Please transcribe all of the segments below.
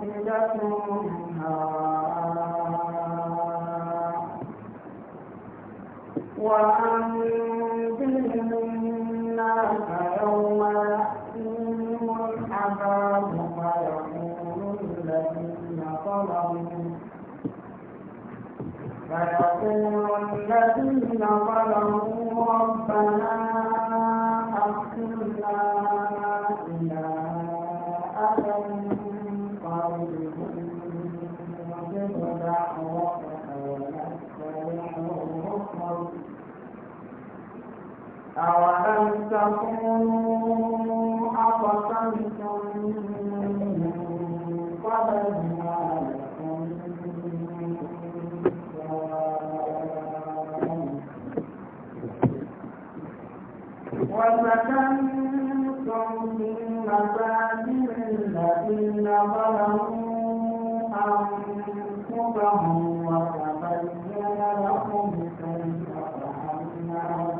واصلة وأنذرهم الناس يوم يأتيهم العذاب فيقول الذين ظلموا فيقول الذين ظلموا ربنا أخذنا أولم تكونوا أقسمتم من قبل ما لكم وسكنتم من مساجد الذين ظلموا أنفسهم وتبين لكم كيف فعلنا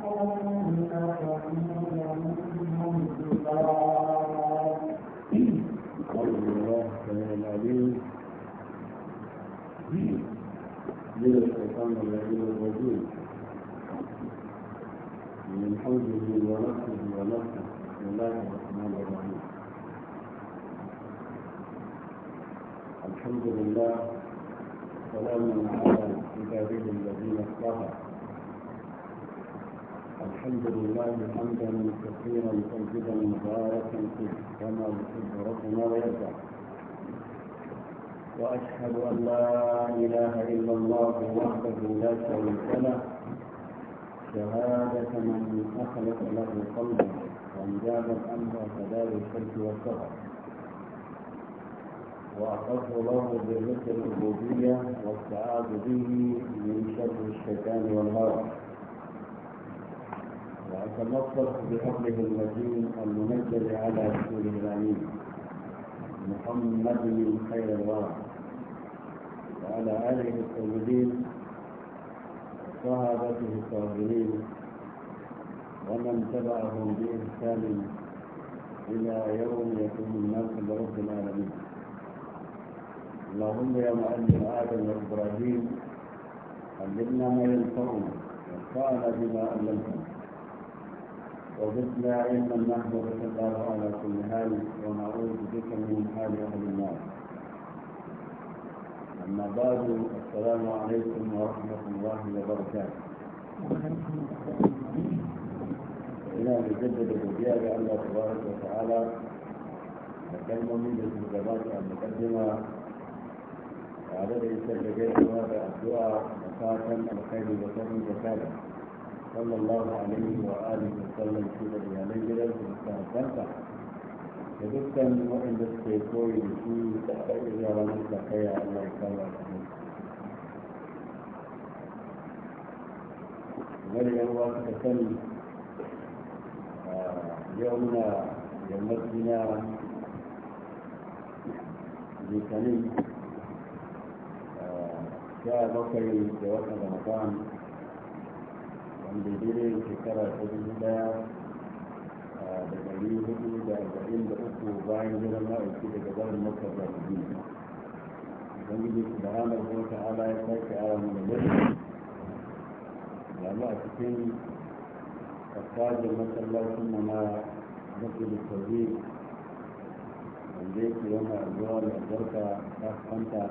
بحمده ونفسه ونفسه بسم الله الرحمن الرحيم الحمد لله سلام على عباده الذين اصطفى الحمد لله حمدا كثيرا طيبا مباركا فيه كما يحب ربنا ويرضى واشهد ان لا اله الا الله وحده لا شريك له شهادة من أخلص له قلبه وانجاب الأمر كدار الشرك والكفر وأخذت له بالرزق الربوبية والسعاد به من شر الشيطان والهوى وأتلطف بحبه المتين المنزل على رسوله الأمين محمد من خير الله وعلى آله الطيبين صحابته الصابرين ومن تبعهم بإحسان إلى يوم يكون الناس برب العالمين اللهم يا معلم آدم وإبراهيم علمنا ما ينفعنا وانفعنا بما علمتنا وزدنا علما نحن بك على كل حال ونعوذ بك من حال أهل النار أما بعد السلام عليكم ورحمة الله وبركاته إلى يجدد الزيادة الله تبارك وتعالى أكلم من الجزاءات المقدمة على الإنسان لديه هذا الدعاء مساء الخير وسلم وسلم صلى الله عليه وآله وسلم في في عليه جلال da dukkan waɗanda suke koyi da shi da ƙarfi yaran da kai a Allah ya kama su wani yan uwa suka sani yau muna yammaci na litinin sha bakwai da watan ramadan wanda daidai shekara ta dubu daya da dari hudu da arba'in da uku bayan jiran ma'aiki daga barin maka da madina ubangiji subhanahu wa ta'ala ya sake awa mu da lafiya yanzu a cikin kasajin masallacin mu na masjid tawhid wanda yake yana zuwa da barka ta kanta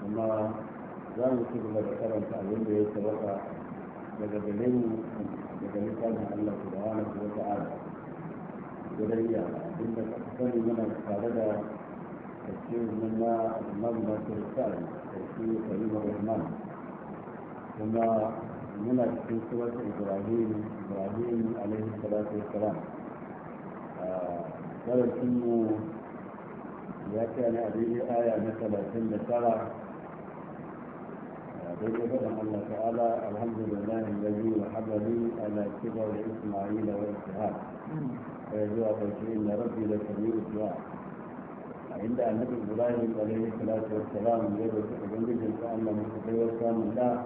kuma za mu ci gaba da karanta abin da ya sabaka daga dalilin daga littafin Allah subhanahu wa ta'ala gudayya inda sani mana tare da tafsir nan na Imam Nasir Sa'id tafsir Karim Rahman kuma muna cikin surat Ibrahim Ibrahim alaihi salatu wassalam darasin mu ya kai ne a daidai aya na talatin da tara فإذا الله تعالى الحمد لله الذي وحبني على كبر إسماعيل وإسحاق فيجوع إن ربي لسميع الدعاء عند النبي إبراهيم عليه الصلاة والسلام يقول تقبل إن شاء الله مستقيم وسام الله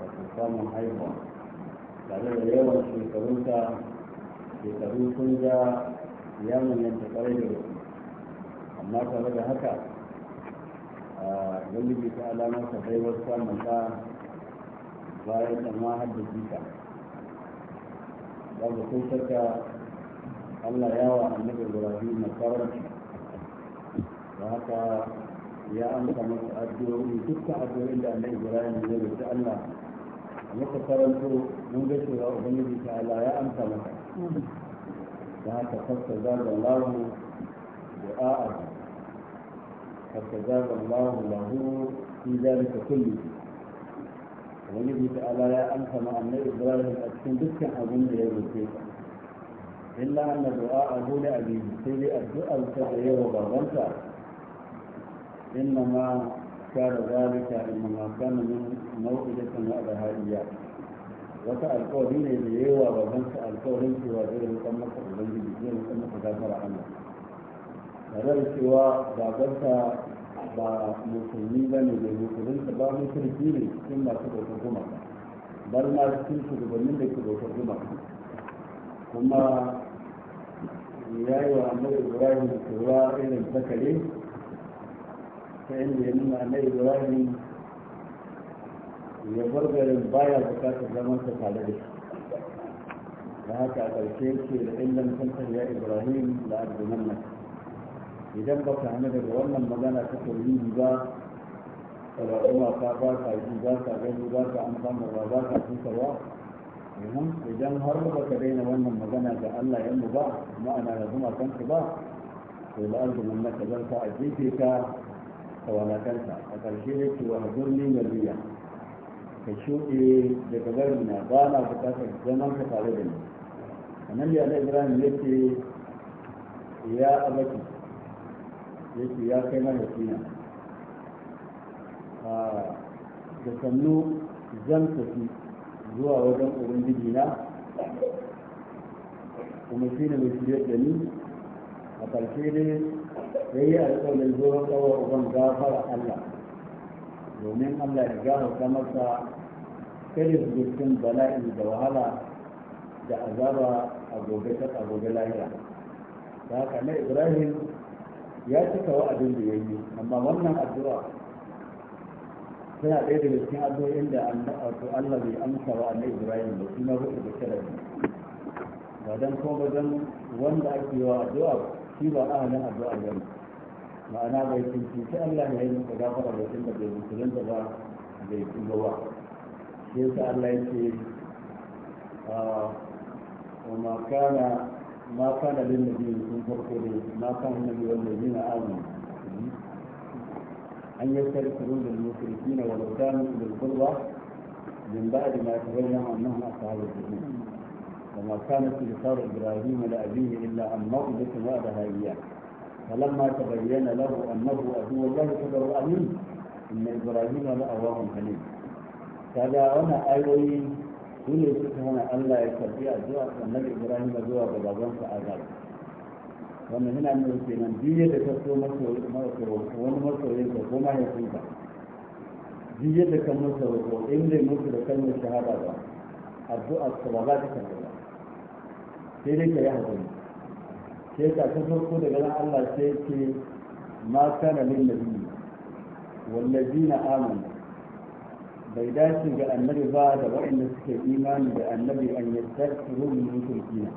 وسام أيضا tare da yawan shekarunta shekaru sun ja ya manyanta kwarai da gaske amma tare da haka ubangiji ta alamar ka kai wasu samun ka bayan da ma har da jika babu kun saka allah yawa annabi ibrahim na karanci da haka ya amsa masa addu'o'i dukkan addu'o'in da annabi ibrahim ya rubuta allah a muka karanto mun ga cewa ubangiji ta ala ya amsa masa da haka fasta zaga lahu da a'a فاستجاب الله له في ذلك كله ubangiji ta ala ya amsa ma'amna ibrahim a cikin dukkan abin da ya roƙe ka illa anna du'a a hula abin sai dai addu'ar ta da yawa babanta inna ma wata alƙawari ne da yawa babanta alƙawarin cewa zai roƙan maka ubangiji zai roƙan maka gafara Allah tare da cewa babanta ba musulmi ba ne da ta ba musulki ne cikin masu bautar gumaka bar ma cikin shugabannin da ke bautar gumaka kuma ya yi wa annabi ibrahim cewa irin zakare ta inda ya nuna annabi ibrahim ya bar garin baya bukatar zaman sa tare da shi da haka a ƙarshe ce da illan kantar ya ibrahim da arzunan nan idan ba ka hana daga wannan magana ta tauhidi ba al'umma ta ba ka yi ba ka gani ba ka amfana ba ba ka tuka ba idan har ba ka daina wannan magana ga Allah yanzu ba ma'ana da kuma kanka ba to la'arzu min naka zan ka a jefe ka ka walakanta a ƙarshe ne ce wa zurni na riya ka shuɗe daga barin na ba na buƙatar zaman ka tare da ni annabi Allah Ibrahim yake ya abaki yake ya kai a ah, da sannu zan tafi zuwa wajen ubangiji na kuma shi ne mai shirya da ni a ƙarshe ne ya yi alƙawarin zuwa ƙawar uban gafara allah domin allah ya gafarta masa kada su bala'i da wahala da azaba a gobe ta a gobe lahiya da haka na ibrahim ya cika wa'adin da ya yi amma wannan addu'a tana ɗaya daga cikin addu'o'in da Allah bai amsa wa annabi Ibrahim da kuma rufe da sharadi ba dan kuma dan wanda ake wa addu'a shi ba ahalin addu'a ba ma'ana bai tuntuci Allah ya yi masa gafara da tun da bai da ba bai kuma ba sai yasa Allah ya ce ah, wa ma ما كان للنبي من فرقه ما كان النبي والذين آمنوا أن يسترسلوا للمشركين ولو كانوا بالقربى من بعد ما تبين أنهم أصحاب الجحيم وما كان استغفار إبراهيم لأبيه إلا أن مغبت وعدها إياه فلما تبين له أنه عدو الله تبرأ منه إن إبراهيم لأواه حليم kaga wannan ayoyi su ne suka hana Allah ya karbi addu'a annabi Ibrahim zuwa ga babansa Azar wannan yana nuna kenan biye da ka so wani masoyin ka ko mahaifin ka biye da ka masa roƙo in bai mutu da kalmar shahada ba addu'a ka ba za ta karbi ba sai dai ka yi hakuri sai ka ta farko daga nan Allah sai ce ma kana lin nabiyyi wallazina amanu bai dace ga annabi ba da waɗanda suke imani da annabi an yi tsarki rumin mutunci na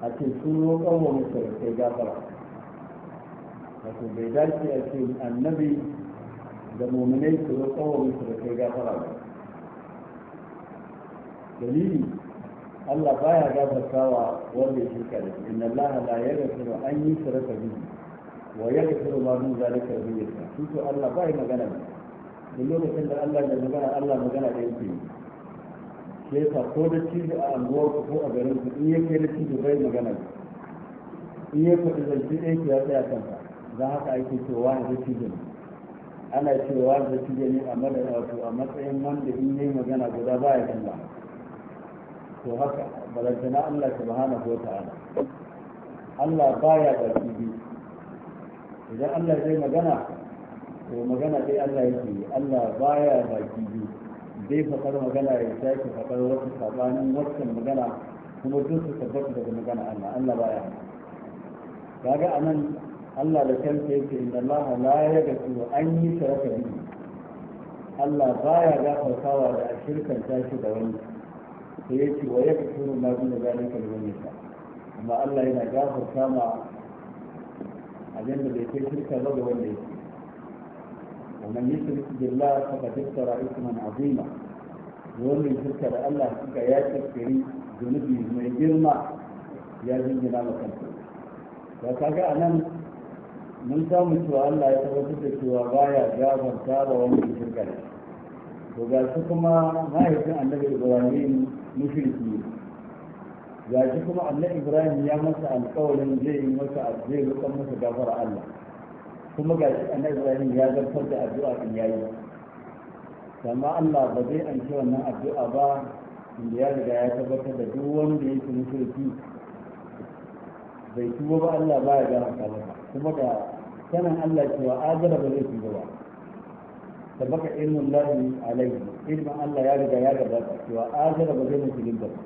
a ce sun roƙon wa musulunci gafara wato bai dace a ce annabi da mominai su roƙon wa musulunci gafara ba dalili Allah baya wa wanda ya shirka da shi inna Allah la yaghfiru an yushraka bihi wa yaghfiru ma dun zalika liman yasha shi to Allah baya magana ba da lokacin da Allah da magana Allah magana da yake ke yasa ko da cizo a anguwar ku ko a garin ku in yake da cizo bai magana in ya faɗi zance ɗaya ke ya tsaya kanka don haka ake cewa da cizo ne ana cewa da cizo ne a madara wato a matsayin da in yi magana guda ba ya kalla to haka balantana Allah ta subhanahu ta ta'ala Allah baya baki biyu idan Allah zai magana to magana dai Allah ya yake Allah baya baki biyu zai faɗar magana ya sake faɗar wasu sabanin waccan magana kuma duk su tabbata daga magana Allah Allah baya kaga anan Allah da kansa yake inna Allah la yaghfiru an yushraka bihi Allah baya gafartawa da a shirkanta shi da wani sai yake wa yaghfiru ma duna zalika wani yasha amma Allah yana gafarta ma da bai kai shirka ba ga wanda yake a يشرك بالله فقد افترى اثما عظيما يوم يشرك الله حقيقة يا تذكري ذنوبي من جرمى يا ذي الجلال والتكريم وكاكا أنا mun samu cewa Allah ya tabbatar da cewa baya gafarta da wanda ya shirka da to ga shi kuma mahaifin annabi Ibrahim mushriki ga shi kuma annabi Ibrahim ya masa alƙawarin zai yi masa zai rukan masa gafara Allah kuma ga annabi Ibrahim ya zartar da addu'a din yayi amma Allah ba zai amshi wannan addu'a ba inda ya riga ya tabbatar da duk wanda yake musulunci bai tuba ba Allah ba ya gama masa kuma ga sanan Allah cewa azara ba zai tuba ba sabaka ilmun lahi alaihi ilmin Allah ya riga ya gabata cewa azara ba zai musulunta ba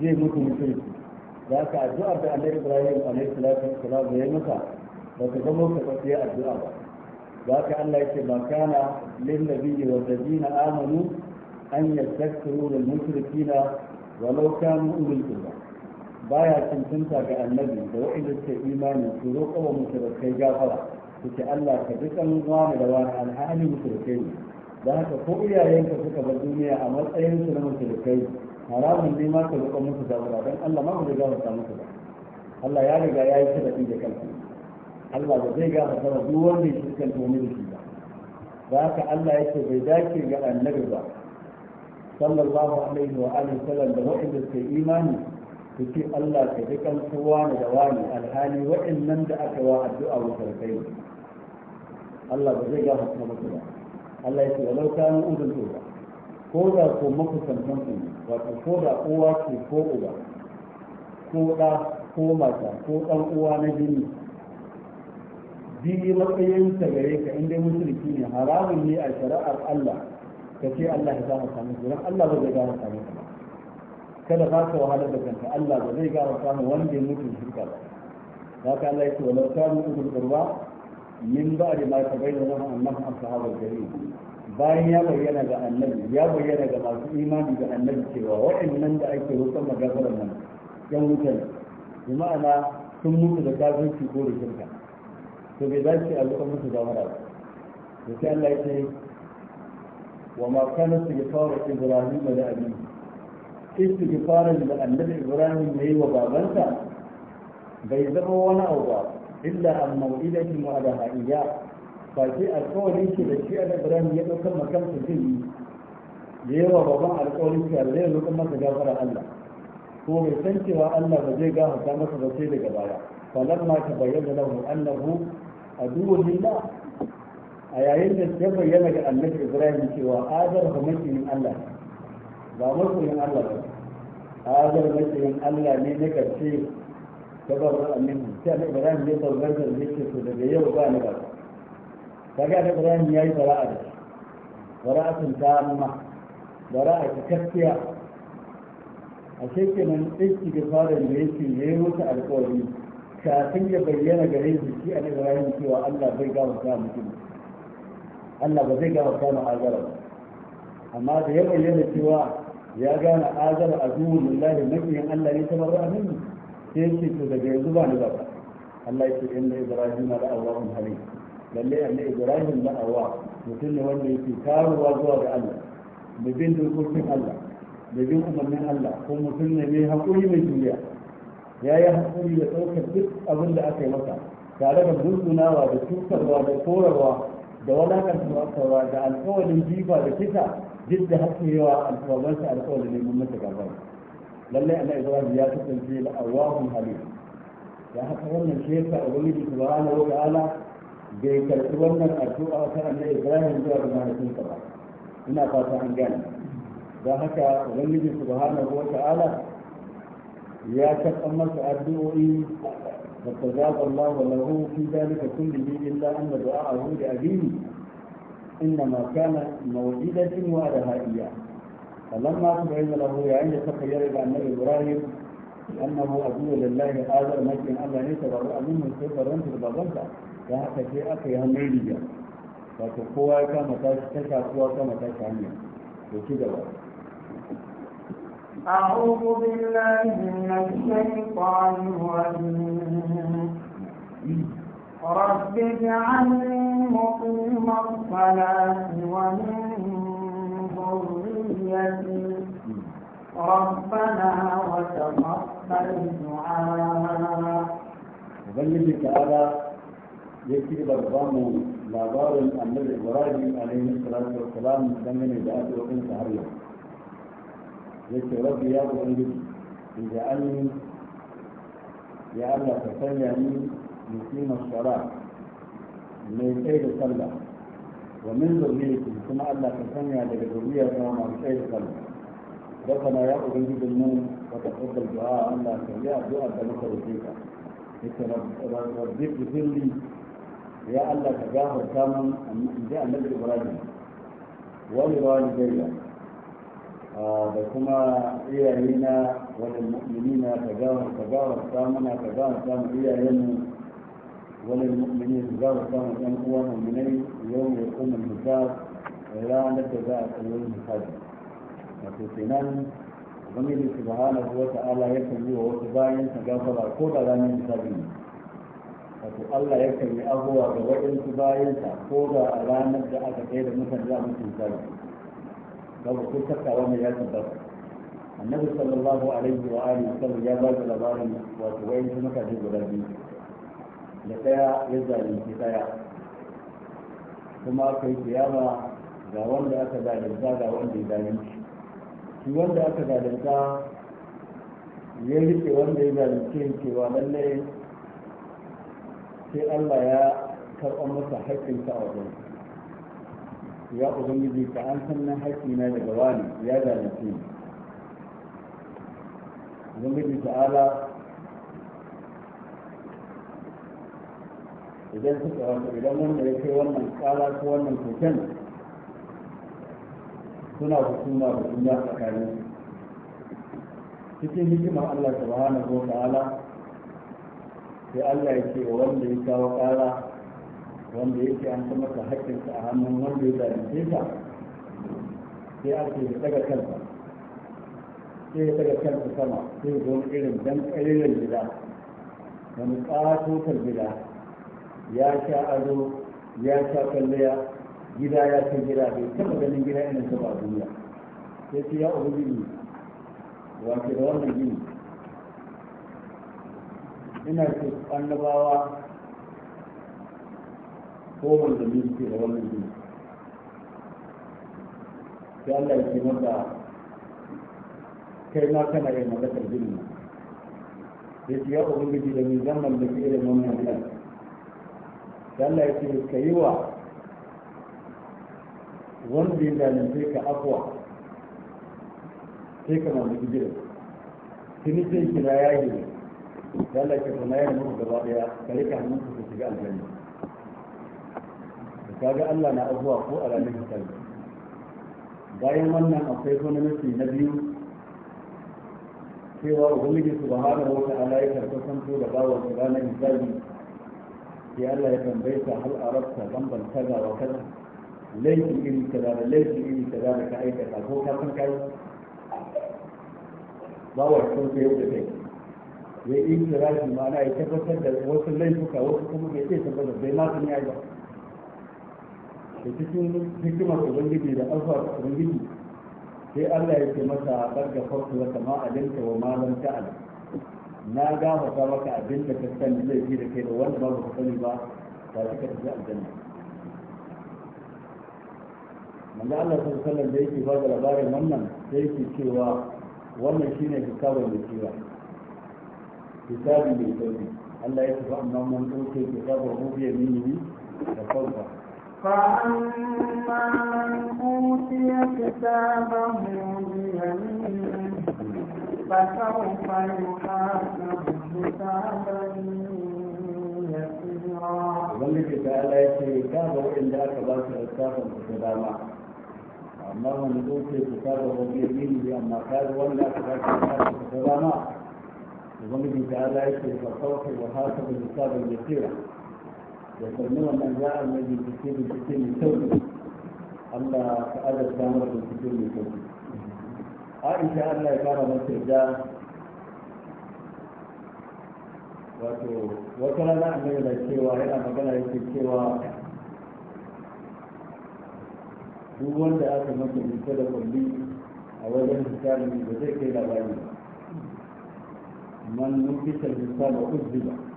zai mutu musulunci da haka addu'ar da Annabi Ibrahim alaihi salatu wassalam ya yi maka ba ka zama ka fasiya addu'a ba ba ka Allah yake ba kana lin nabiyyi wal ladina amanu an yastakbiru lil mushrikina walau kanu ulul qurba baya tuntunta ga annabi da wa'inda suke imani su roƙa wa mushrikai gafara suke Allah ka dukan wani da wani alhali mushrikai ne da haka ko iyayenka suka bar duniya a matsayin su na mushrikai haramun ne ma ka roƙa musu gafara don Allah ma ba zai gafarta musu ba Allah ya riga ya yi sharadi da kansa Allah ba zai gafarta ba duk wanda ya fuskanta wani da shi ba da haka Allah yake bai dace ga annabi ba sallallahu alaihi wa alihi sallam da wa'inda suka yi imani su ce Allah ka ji kan kowa da wani alhali wa'innan da aka wa addu'a wa sarkai Allah ba zai gafarta musu ba Allah ya yake walau kanu udun to ba ko da ko makusantan ku wato ko da uwa ce ko uba ko da ko mata ko dan uwa na jini bi matsayin ta gare ka inda musulki ne haramun ne a shari'ar Allah ka ce Allah ya gama samu don Allah ba zai gama samu ba kada ba ka wahala da kanka Allah ba zai gama samu wanda ya mutu shirka ba za ka Allah ya ce walau kanu da qurba min ba da ma tabayyana lahum annahum ashabul jahim bayan ya bayyana ga annabi ya bayyana ga masu imani ga annabi cewa waɗannan da ake roƙon magafaran nan yan wuta ne bi ma'ana sun mutu da kafirci ko da shirka to bai za su abu kuma su gawara ba da sai Allah yake wa ma kana su ga fara Ibrahim da abi fara da annabi Ibrahim yayi wa babansa bai zama wani abu ba illa an mau'idatin wa da ha'iya ba sai alƙawarin shi da shi Allah Ibrahim ya dauka makansa zai yi yayi wa baban alƙawarin shi Allah ya roƙa masa gafara Allah ko bai san cewa Allah ba zai gafarta masa ba sai daga baya falamma tabayyana lahu annahu aduwwun lillah a yayin da ya bayyana ga annabi ibrahim cewa azar ba makiyin allah ba makiyin allah ba azar makiyin allah ne na karshe ta ba wa annabi sai annabi ibrahim ya saurar da zai ce daga yau ba ni ba kaga annabi ibrahim ya yi fara'a da sun ta amma fara'a ta kaskiya a shekenan istighfarin da ya yake yayi musu alƙawari kafin ya bayyana gare shi shi a Ibrahim cewa Allah bai gafarta mutum Allah ba zai gafarta mu azara amma da ya bayyana cewa ya gane azara a duhun lillahi makiyin Allah ne ta tabarra amin sai yake to daga yanzu ba ni ba Allah ya ce inna Ibrahim la Allahun halim lalle annabi Ibrahim la Allah mutum ne wanda yake karuwa zuwa ga Allah da bin dokokin Allah da bin umarnin Allah ko mutum ne mai haƙuri mai juriya? ya yi haƙuri da ɗaukar duk abin da aka yi masa tare da gurgunawa da cutarwa da korarwa da wadatarwa da alƙawarin jifa da kisa duk da haka yawa alƙawarinsa alƙawarin neman masa gaba lallai ana ibrahim ya kasance da awahun halin da haka wannan shi yasa ubangiji subhanahu wata ala bai karɓi wannan addu'a ta annabi ibrahim zuwa ga mahaifinsa ba ina fata an gane don haka ubangiji subhanahu wata ala. يا تقمت أبدوئي فاستجاب الله له في ذلك كله إلا أن دعاءه لأبيه إنما كان موجدة وأدهائية فلما تبعين له يعني تخير إلى نبي إبراهيم لأنه أبو لله هذا المسجد أن ليس يتبرأ منه كيف رمت البغضة فهذا في أخي هميلية فتقوى كما تشعر قوى كما تشتكى وكذا أعوذ بالله من الشيطان الرجيم رب اجعلني مقيم الصلاة ومن ذريتي ربنا وتقبل دعاء وبلغك على يكفي برغام لا دار أن الإبراهيم عليه الصلاه والسلام دمني ذات وكنت هريه yake rabbi ya ubangiji idan an ya Allah ka sanya ni musulman shara mai kai da sallah wa min zurriyati kuma Allah ka sanya daga zuriyar ta masu kai da sallah ربنا يا أبنجد المن وتقبل دعاء الله يا دعاء لك وفيك ربك اغفر لي يا الله تجاهر كامل جاء النبي إبراهيم ولوالدي da kuma iyayena wani mu'minina ka gawarta mana ka gawarta mu iyayenmu wani mu'minin gawarta mu ɗan uwa mu'minai yau mai kuma hisab ranar da za a tsaye hisabi su kenan ubangiji subhanahu wa ya yakan yi wa wasu bayan sa gafara ko da ranar hisabi ne wato Allah ya kan yi abubuwa ga waɗansu bayansa ko da a ranar da aka tsaye da mutane za a mutum sarki babu ko sakawa mai ya tabbata annabi sallallahu alaihi wa alihi wasallam ya ba da labarin wato wayan su mutane guda biyu da daya ya zalunci daya kuma aka yi kiyama ga wanda aka zalunta ga wanda ya zalunci shi wanda aka zalunta ya rike wanda ya zalunce cewa lallai sai Allah ya karɓar masa haƙƙinsa a wajen ya ubangiji ka an na haƙƙina daga wani ya zalunce ni ubangiji ta'ala idan suka wata idan wanda ya kai wannan kala ko wannan hoton suna hukuma da juna tsakanin cikin hikimar Allah subhanahu wa ta'ala sai Allah ya ce wa wanda ya kawo kala wanda yake an kuma ka haƙƙinsa a hannun wanda ya zalunce ka sai a ce daga kansa sai ya daga kansa sama sai zo irin dan ƙaririn gida wani ƙatotar gida ya sha ado ya sha kalliya. gida ya ce gida bai taɓa ganin gida irin ta ba duniya sai ce ya gini. wace da wannan gini ina ce annabawa ko wanda ne ke da wannan jini sai Allah ya ce masa kai ma kana yin mallakar jini ya ce ya ubangiji da ni zan mallaki irin wannan gidan sai Allah ya ce ka yi wa wanda ya sai ka afuwa sai ka mallaki gidan tuni sai kira ya yi ne Allah ya ce kuma yana muku gaba daya ka rika hannunka ku shiga aljanna kaga Allah na abuwa ko a ranar hisabi bayan wannan akwai na nufi na biyu cewa ubangiji subhanahu wata'ala ya karɓi santo da bawa su ranar hisabi sai Allah ya tambaye ta a arabta lamban kaza wa kaza laifin iri kaza da laifin iri kaza da ka aikata ko ka san kai bawa sun sai yau da kai ya yi ikirashi ma'ana ya tabbatar da wasu laifuka wasu kuma bai ce tabbatar bai ma sun yi ba da cikin hikimar ubangiji da alfar ubangiji sai Allah ya ce masa barka farko da kama alinka wa malam ta'ala na gafarta maka abin da ka sani zai fi da kai da wanda ba ka sani ba ba ka tafi aljanna manzo Allah sallallahu alaihi wasallam da yake ba da labarin wannan sai yake cewa wannan shine hisabun da kiwa hisabi mai sauki Allah ya tafi amma mun dauke hisabu rubiya mini da farko فأما من أوتي كتابه بيمينه فسوف يحاسب كتابا Ubangiji ta ala ya ce, Ka ga waɗanda aka ba su littafin su ta dama, amma wani zoce su ta ga wani yamini ne amma ka ga wanda aka ba su littafin su ta dama, Ubangiji ta ala kai wa hasa da littafin ya tera. da sannu wannan za a mai bincike bincike mai sauƙi Allah ka azarta mara bincike mai sauƙi Aisha Allah ya kara masa da wato wata rana annabi da cewa yana magana yake cewa duk wanda aka masa bincike da kulli a wajen hisabi ba zai kai labari ba man nufi tarbiyyar da uzziba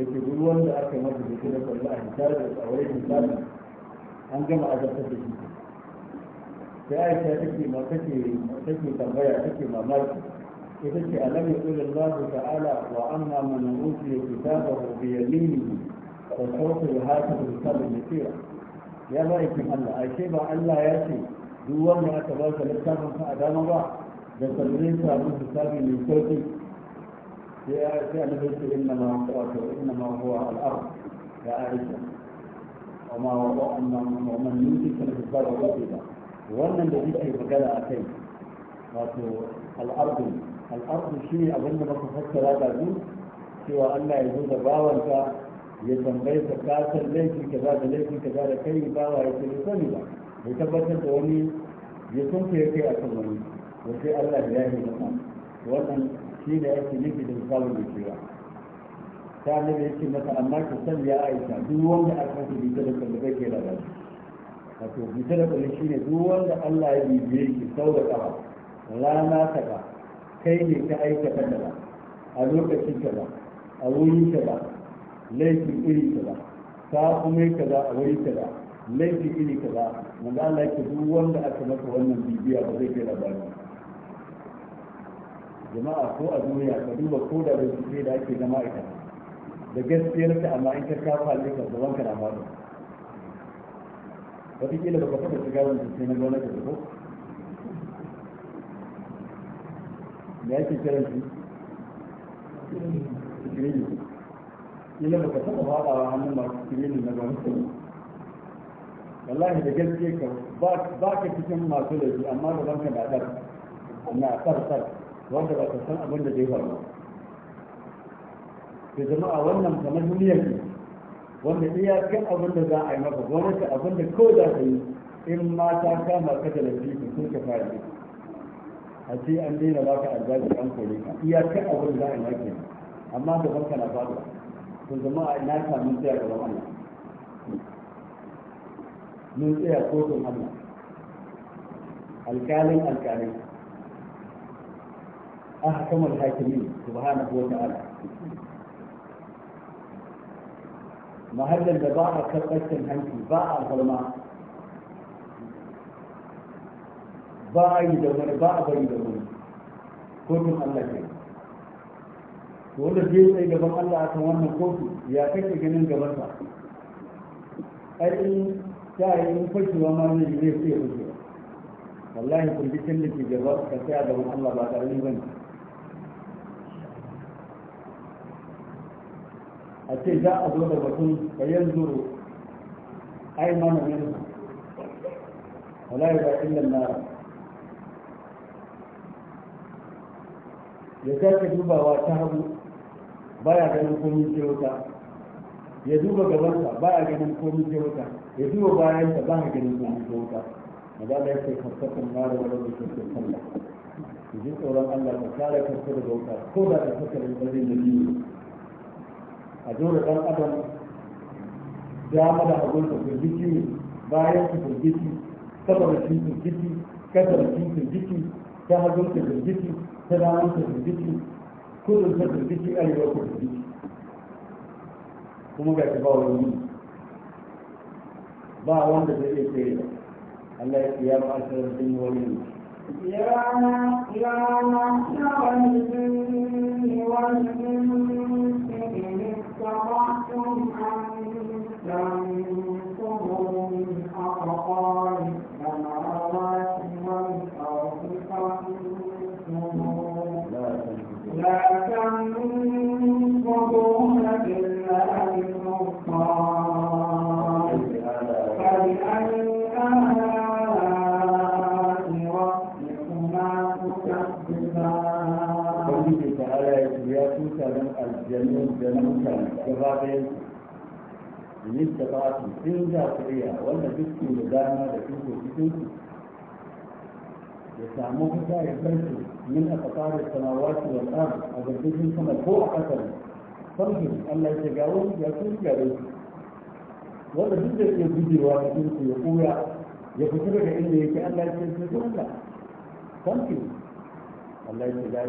yake duk wanda aka masa da kuma sallah a hitar da tsawai misali an gama azabtar da shi sai aisha take ma take take tambaya take mamaki ita ce alam yaqul Allah ta'ala wa an amma man utiya kitabahu bi yaminihi fa sawfa yuhasibu hisaban yasira ya da mai ya ba a ma'aikin Allah ashe ba Allah ya ce duk wanda aka ba ka littafin sa a dama ba da sabbin sa mun hisabi mai sauki يا فعل بيت إنما هو إنما هو الأرض يا عائشة وما وضعنا ومن يمسك من الضرر وجد wannan da yake magana a kai wato al'adu al'ardu shi ne abin da muka fassara da su cewa Allah ya zo da bawanka ya tambaye ka kasar laifi kaza da laifi kaza da kai bawa ya ce sani ba tabbatar da wani ya sunfe ya kai a kan wani sai Allah ya wannan shi ne ake nufi da misalin da kewa ta ne da yake masa amma ka san ya aisha duk wanda aka yi su bita da kalli ke da rashi wato bita da kalli shi ne duk wanda allah ya bibiye ki sau da kafa rana ta ba kai ne ka aikata da ba a lokacin ka ba a wurin ka ba laifin iri ka ba ta kuma ka ba a wurin ka ba laifin iri ka ba manzo allah ya ce duk wanda aka masa wannan bibiya ba zai kai labari jama'a ko a duniya ka duba ko da bincike da ake zama ita da gaskiyar ta amma in ka kafa ne ka gaban ka na faɗo wataƙila ba ka faɗa shiga bincike na gwamnati da ko me ake kiran shi sikirili kila ba ka taɓa faɗawa hannun masu sikirili na gwamnati wallahi da gaske ka ba ka cikin masu laifi amma gaban ka da ɗar na tsar tsar wanda ba ka san abin da zai faru da jama'a wannan kamar duniyar ne wanda iya kan abin da za a yi maka gwamnati abin da ko za ka yi in ma ta kama ka da lafiya sun ka fara ne a ce an daina ba ka albashi an kore ka iya kan abin da za a yi maka amma da banka na ba to jama'a na samu tsaya gaban Allah mun tsaya kotun Allah alkalin alkalin أحكم الحاكمين سبحانه وتعالى ما هل البضاعة كقسم هنسي باع الظلماء باع يدوني باع بيدوني كلهم الله كي والله جيس أي قبل الله أتوانا كنتم يا كنت جنين قبلها أي شاي إن كنت وما نجي فيه والله كنت كنت جبل كتاعدهم الله بعد أليه بنتي a ce za a zo da batun ka yanzu ai mana yanzu wala ya ba illan nara ya sake dubawa ta hagu baya ganin komi ke wuta ya duba gabansa baya ganin komi ke wuta ya duba bayansa ba ya ganin komi ke wuta maza da yake kaskatan mara wadda da ke sallah ku ji tsoron allah ka kare kanka da wuta ko da ka saka da zai da biyu a dole ɗan adam dama da abin da firgiti ne bayan su firgiti saboda su firgiti kasar su firgiti ta hagun su firgiti ta damar su firgiti kudin su firgiti arewa su firgiti kuma ga ta ba wani ba wanda zai iya tsere ba Allah ya tsaya ba a sarar jin wani ne يا يا محشر wani jini. استطعتم أن تنصروا من أقطار gaba ɗaya yin da ba su sun za su iya wanda duk da dama da tuko cikin su ya samu fita ya farko min a tsakarar samawati wal ard a gargajin sama ko a ƙasar farkin Allah ya ga wani ya sun da su wanda duk da ke gujewa cikin su ya koya ya fita daga inda yake Allah ya ce sai Allah farkin Allah ya ce la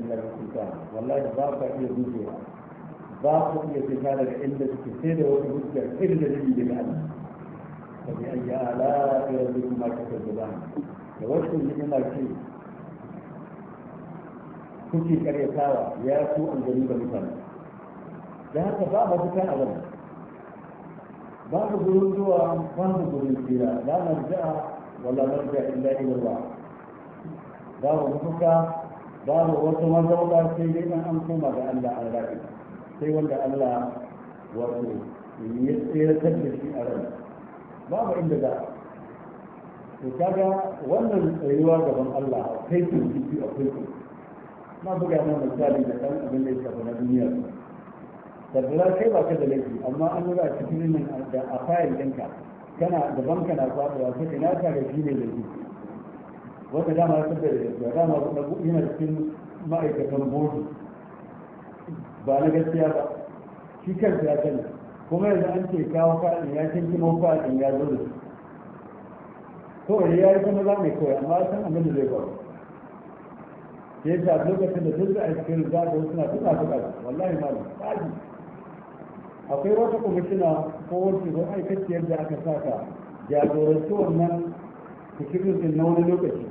ilaha illa ta, wallahi ba ka iya gujewa باقية هذا العلة كثيرة وتبدا كل الذي بالأمن فبأي آلاء ربكما تكذبان توجهوا لما في كنت كريا ساوى يا سوء الجنوب المثال لهذا باب بكاء لنا باب الظلم هو فهم الظلم لا مرجع ولا مرجع إلا إلى الله باب مفكا باب وصمان دولار سيدنا أنكم بأن لا أنكم sai wanda Allah wato ya tsirkar da shi a ran babu inda za to kaga wannan tsayuwa gaban Allah kai ku ji a kai ku na buga mana misali da kan abin da ya na duniya sabbala kai ba ka da laifi amma an yi cikin nan da a fayil ɗinka kana banka na kwaɗuwa sai ina ka ga shi ne da laifi wata dama ya tabbata da gaskiya dama yana cikin ma'aikatan bodu ba na gaskiya ba shi kansa ya sani kuma yanzu an ce kawo fadin ya ce kimo fadin ya zo da to ya yi kuma za mai kawai amma san abin da zai faru ke ta lokacin da duk da a cikin za ka suna tuka tuka wallahi ma tsari akwai wata kwamishina ko wata zo aikaciyar da aka saka jagoranci wannan cikin na wani lokaci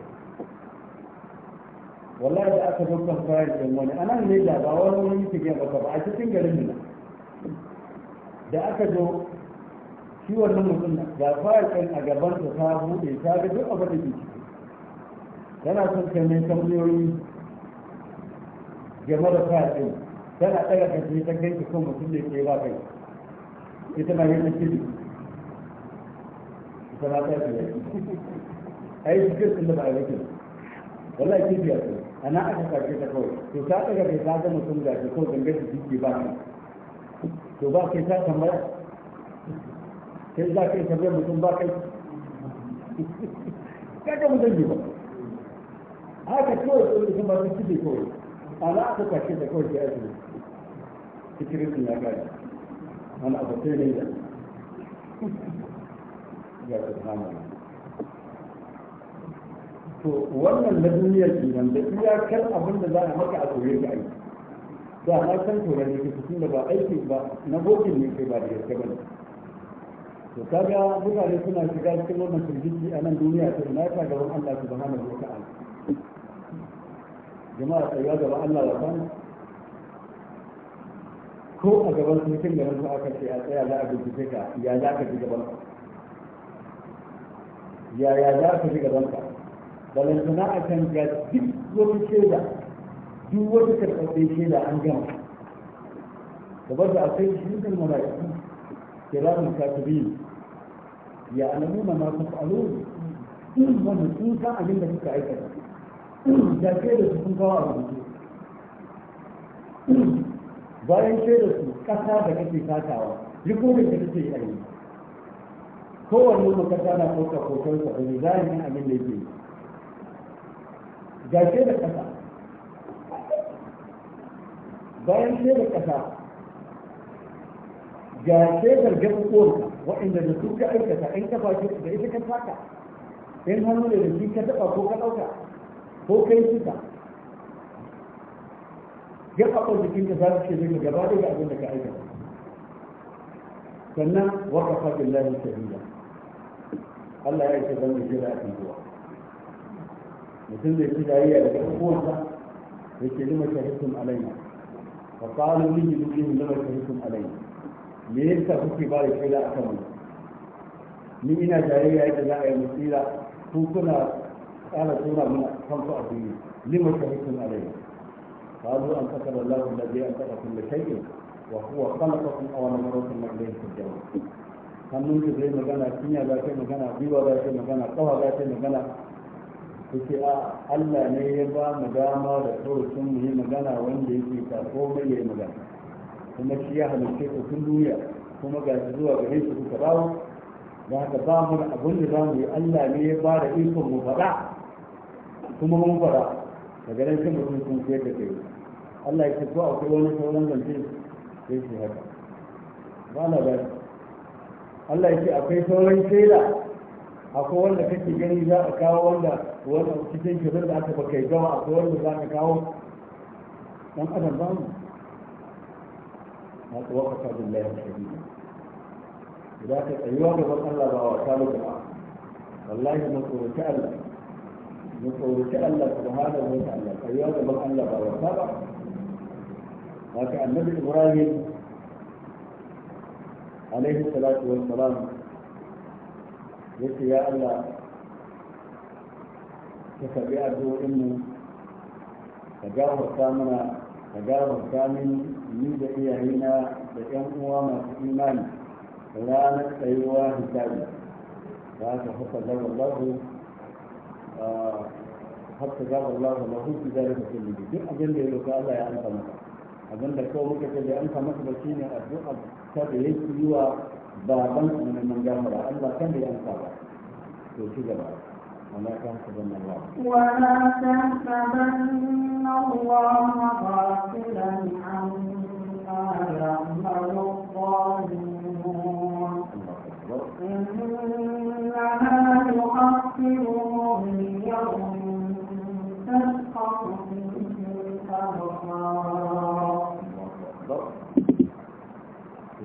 wallahi da aka zo kan fayar da wani anan ne da ba wani wani yake ga ba ba a cikin garin nan da aka zo shi wannan mutum ga fayar din a gaban ta ta bude ta ga duk abin da ke ciki tana son kan ne tambayoyi game da fayar din tana daga kan shi ta ganki kan mutum da ke ba kai ita na yin cikin ita na ta ce ai cikin sun da ba a yi wallahi kibiya ce ana aka karfi ta kawai to ta daga bai ta zama sun ga ta kawai gangar da jiki ba ne to ba kai ta tambaya sai za ka yi tambayar mutum ba kai kaga mutum ne ba haka kawai ko mutum ba su ci kawai ana aka karfi ta kawai ta yi sikirin ya gani wani abu sai ne ya ga ta subhanallah to wannan na duniyar kenan da iyakar abin da za a maka a koyar da aiki da na san to ne kike tun da ba aiki ba na bokin ne kai ba da gaske ba to kaga mutane suna shiga cikin wannan firgici a nan duniya to na ta gaban Allah subhanahu wa ta'ala jama'a tsaya gaban Allah wa ta'ala ko a gaban mutum da nan aka ce a tsaya za a bincike ka ya za ka ji gaban ka ya ya za ka ji gaban ka balantana a kan ga duk wani shaida duk wani karɓaɓɓen shaida an gama gaba da akwai shirin mala'iku kiramin katibin ya alamu na masu falo in wanda sun san abin da suka aikata da shaida su sun kawo a rubuce bayan shaida su ƙasa da kake takawa rikodin da kake yi kowanne makasa na ɗaukar hotonsa da zahirin abin da yake yi جاي شيء بالكسر جاي شيء بالكسر جاي شيء بالجبر قول وإن جسوك أي كسر أنت فاجئ بإيه كسرك إن هم اللي يجيك كسر أو فوق أو كسر فوق كي يجيك جاي أقول لك أنت فاجئ شيء بالجبر قول يقول لك أي كسر فنا وقفت الله الشهيدة الله يجب أن يجب أن يجب أن يجب أن يجب أن يجب أن يجب أن يجب أن يجب أن يجب أن يجب أن mutum zai ci jayayya daga ɗan'uwansa da ke lima shahidtum alaina fa qalu li yudin lima shahidtum alaina me yasa kuke ba da shaida a mu ni ina jayayya yadda za a yi musira ku kuna ƙara tura mana kanku a duniya lima shahidtum alaina قالوا أن كتب الله الذي أنتق كل شيء وهو خلقكم أول مرة من إليه ترجعون hannun su zai magana cinya za ta magana gwiwa za ta magana kawa za ta magana yake a Allah ne ya ba mu dama da kawai mu yi magana wanda yake ka komai ya yi magana kuma shi ya halitta ku kun duniya kuma ga zuwa gare shi kuka dawo da haka ba mu da abin da za mu yi Allah ne ya ba da ikon mu faɗa kuma mun faɗa daga nan sai mutum sun fiye da kai Allah ya ce ko akwai wani sauran zance sai shi haka ba na ba Allah ya ce akwai sauran shaida akwai wanda kake gani za a kawo wanda وانا كتير كتير بعد بكيجا اطول بزعم كاو من نعم، انا ظالم ما توقف عبد الله الكريم لذلك ايوه بقول الله بقى وكالو بقى والله ما قولك الا ما قولك الا سبحانه وتعالى ايوه بقول الله بقى وكالو بقى النبي ابراهيم عليه الصلاه والسلام يقول يا الله ka karbi addu'o'in mu ka gafarta mana ka gafarta min ni da iyayena da ƴan uwa masu imani ranar tsayuwa hisabi da aka haka zaba Allahu haka zaba Allahu lahu fi zalika kulli duk abin da ya roƙa Allah ya amsa masa abin da kawai muka ce bai amsa masa ba shine addu'a ta da yake yi wa baban sunan gamara Allah kan da ya amsa ba to ci gaba ولا تحسبن الله ولا تحسبن الله غافلا عما يعمل الظالمون إنما يؤخرهم ليوم تشخص فيه الأبصار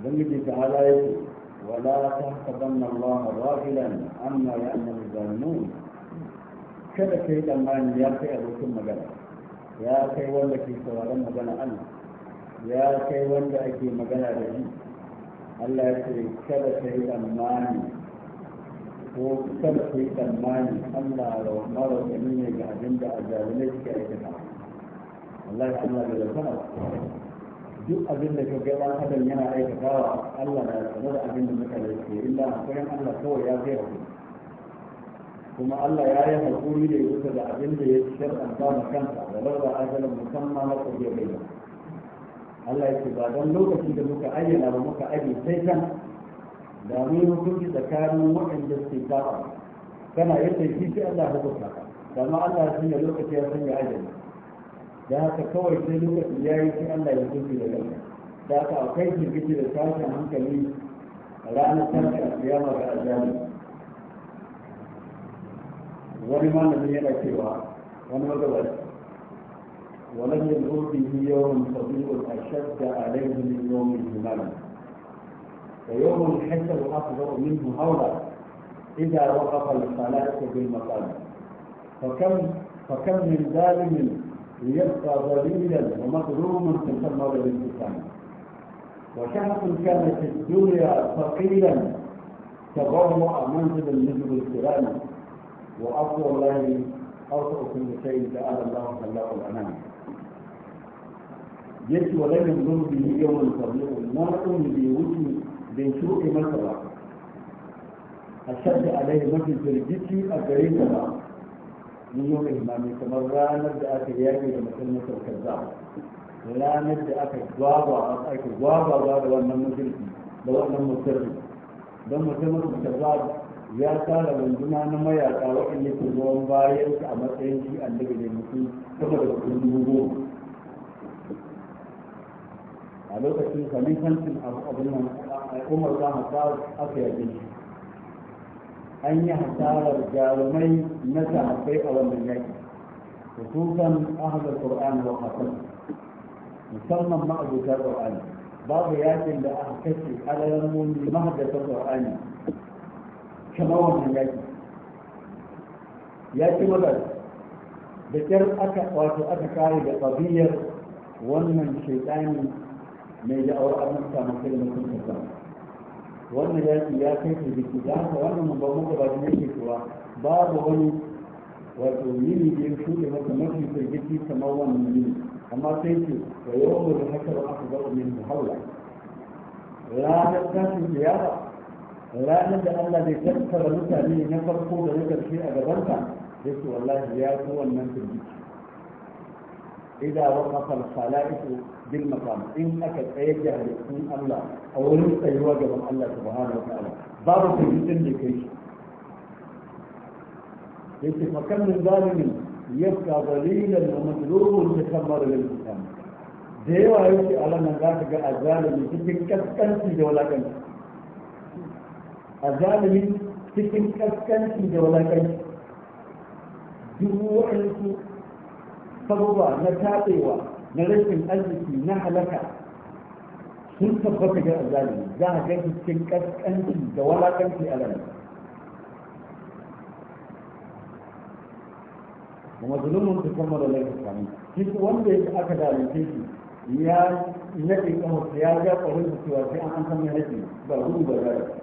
ubangiji ta halaye wala ta sabanna Allah ghafilan amma ya'malu zalimun kada ka yi tsammani ya kai abokin magana ya kai wanda ke sauraron magana Allah ya kai wanda ake magana da shi Allah ya ce kada ka yi tsammani ko kada ka yi tsammani Allah da mara ne ga abin da azalimai suke aikata Allah ya Allah da zafana duk abin da ka ga ɗan adam yana aikatawa Allah na sanar da abin da mutane ke illa akwai Allah kawai ya kai hakuri kuma Allah ya yi hakuri da yi da abin da ya shar'anta ma kanta da rarra ajalin musamman na ƙwaje bai Allah ya ce ba don lokaci da muka ayyana ba muka aje sai kan da mu yi hukunci tsakanin waɗanda suke saba kana yadda shi sai Allah ya hukunta ka amma Allah ya sanya lokaci ya sanya ajali da haka kawai sai lokaci ya yi sai Allah ya hukunci da kanka da haka akwai firgici da tashin hankali ranar tarka a kiyama ga ajali wani malami yana cewa wani magabar ولم يظهر به يوم فضيل أشد عليه من يوم الجمال ويوم الحسر أكبر منه هولا إذا وقف الخلائق بالمقام فكم فكم من ظالم ليبقى ذليلا ومظلوما تسمى بالانتقام وشخص كان في الدنيا ثقيلا تبرأ منزل النجم الكرام وعفو الله أوسع كل شيء تعالى الله خلاق الأنام يأتي ولم ينظر به يوم القبيل ما أم بوجه بشوء مثلا أشد عليه مثل فرجتي أجريت له من يوم إمامي كما لا نبدأ كرياكي مثل مثل كذاب لا نبدأ كجوابا أكجوابا بعد وأن المشركي لو أن المشركي دم مثل مثل كذاب ya tara runduna na mayaka waɗanda ke zuwan bayan a matsayin shi daga da mutu kuma da kuɗin dubu goma a lokacin abu abin nan umar za a kawo aka yaje shi an yi hasarar jarumai na sahabbai a wannan yaki hususan ahlul qur'an wa hasan musamman ma'abuta qur'ani babu yakin da aka kashe alalan mummi mahaddata qur'ani kamar wannan yaki ya mabar da kyar aka wato aka kare da ƙabiyar wannan shaitani mai da'awar abin samun kai da mutum kasa wannan yaki ya kai su jiki da haka wannan mabban magabacin yake cewa babu wani wato yini da ya shuɗe masa mafi firgiti kamar wannan yini amma sai ce wa yawon da haka ba aka zaɓa min muhawla ranar tashin ziyara ranar da Allah zai tattara إذا وقف الخلائق بالمقام إنك تأيجها لكم الله أو لست يواجه الله سبحانه وتعالى ضرب جدا لكيش إذا فكم من ظالم يبقى ظليلا ومجلوب تكبر للإنسان ديوا يشي على من ذاتك أزال من تلك كتنسي جولا كنسي a zamanin cikin kaskanci da walakanci duk waɗansu sabuwa na tatsewa na rashin arziki na halaka sun tabbata ga azalimi za a ga cikin kaskanci da walakanci a ranar mazlumin su kammala laifin kanu duk wanda yake aka zalunce shi ya nake kamar ya ga tsaron su cewa sai an san ya nake ba gudu ba gara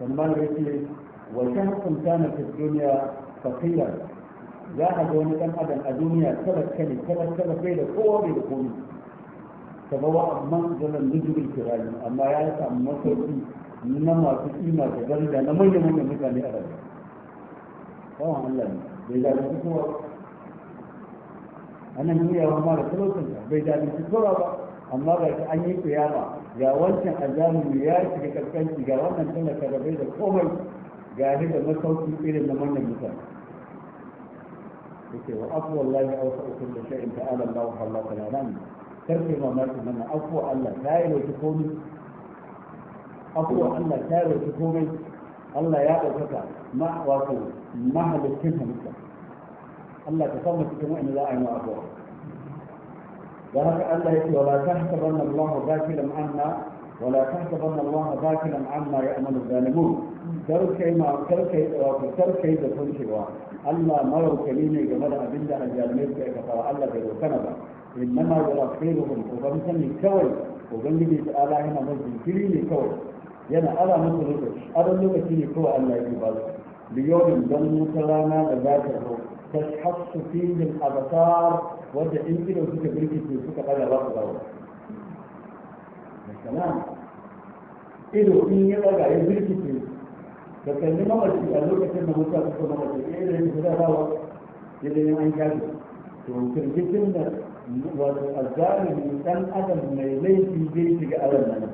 salman ya ce wa shahakun kana fi duniya fakira za a ga wani dan adam a duniya talaka ne talaka bai da kowa bai da komai kaga wa amma zalan nujubul kirani amma ya samu masauki na masu kima da daraja na manyan manyan mutane a rayuwa kawon Allah ne bai zalunci kowa a nan duniya ma da talaucin bai zalunci kowa ba amma ba an yi kiyama ga wancan azalimi ya shiga kaskanci ga wannan talaka da bai da komai ga ni da masauki irin na manyan mutane yake wa afu wallahi aw sa'ukum da shay'in ta'ala Allahu Allah ta'ala nan karfe mamaki mana afu Allah ta yi wata komai afu Allah ta yi wata komai Allah ya ɗaukaka ma wato mahalicin halitta Allah ta samu cikin wa'in za a yi wa abuwa da haka Allah ya ce wala tahsabanna Allah ghafilan amma wala tahsabanna Allah ghafilan amma ya'malu zalimun kar kai ma kar kai wato kar kai da kun cewa Allah maraukani ne game da abin da aljalimai suka aikata wa Allah bai dokana ba innama ko ban sani kawai ubangiji ta ala yana mai jinkiri ne kawai yana ala musu lokaci aron lokaci ne kawai Allah ya ba su biyo don wata rana da za ta zo ta haska filin abatar wadda in ido suka birki ke suka kada ba su dawo. Misana, ido in yi daga ya birki ke da kalli mamaci a lokacin da mutu a kusa mamaci ya da yin kusa dawa ya da an gani. To, kirgitin da wato azzalimi dan adam mai laifi zai shiga adam nan.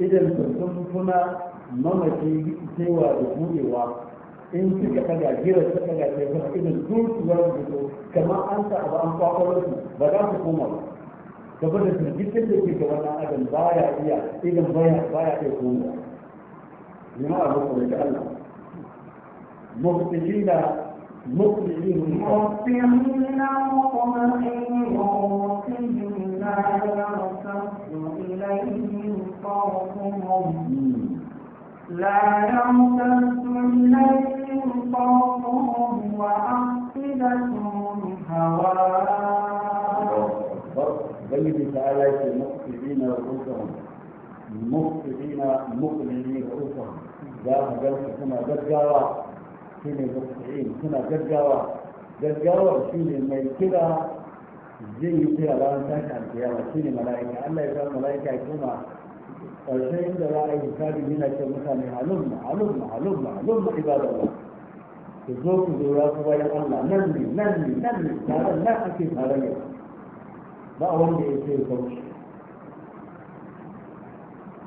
Idan sun kuna mamaci cewa da budewa in suka daga gira su daga sai kuma irin zuciyar su kamar an sa abu an kwakwalo su ba za su koma ba saboda firgitin da ke gaban na adam ya iya idan ba ya iya koma lima abu kuma da Allah muftajina muftajin muftajin na muftajin muftajin na ya لا يمتد إليهم طرفهم وأفئدتهم هواء بل تعالى مقصدين رؤوسهم مقصدين مقللين رؤوسهم ذا جلسة سنة جدجاوة سنة مقصدين سنة جدجاوة جدجاوة سنة ميكلة زي يطير لا تنسى القيامة سنة ملائكة الله يجعل ملائكة يكونها ƙarshen inda za a yi misali yana ce mutane halumma halumma halumma halumma ibadallah ku zo ku zo ya ku bayan Allah nan ne nan ne nan ne taron nan ake taron yau ba wanda ya ce kauce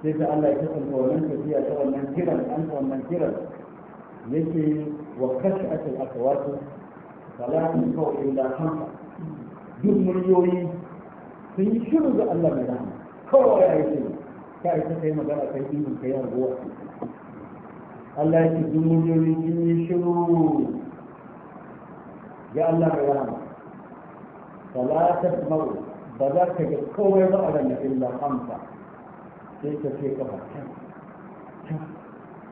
sai da Allah ya kasance wannan tafiya ta wannan kiran an wannan kiran yake wa kashatul akwatu salatin kawai illa hamsa duk muryoyi sun yi shiru ga Allah mai rahama kawai ya yi shiru ka isa kai magana kan imin ka yar ruwa Allah ya ci duniyoyi in yi shiru ya Allah ka yana salatat mau ba za ka ga komai ba a ranar illa hamsa sai ka ce kafa can can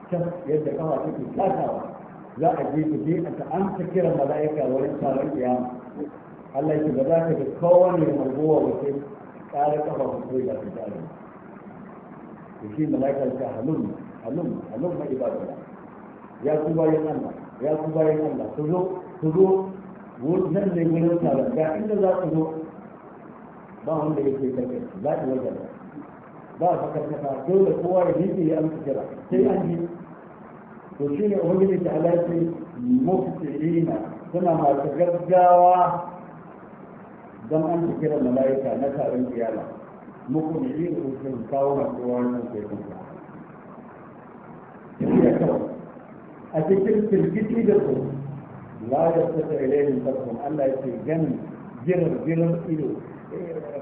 can yadda kawa take takawa za a je ku je a ta an ta kira mala'ika wurin taron kiyama Allah ya ce ba za ka ga kowane marguwa ba sai ƙara kafa ku ko ya fi dalilin da shi mala'ikar ta halum halum halum ma ibada ya ku bayan Allah ya ku bayan Allah ku zo ku zo nan ne gurin taron ga inda za ku zo ba wanda yake karkar za ku wajen ba a fakarkata dole kowa ya miƙe ya amsa kira sai an yi to shi ne ubangiji ta halarci muftirina suna masu gaggawa don an kira mala'ika na taron kiyama muku da yi sun kawo masu wannan kwaikon tafiya kawai a cikin firgiti da su la ya fita ilayin farkon allah ya ce gan jirar jirar ido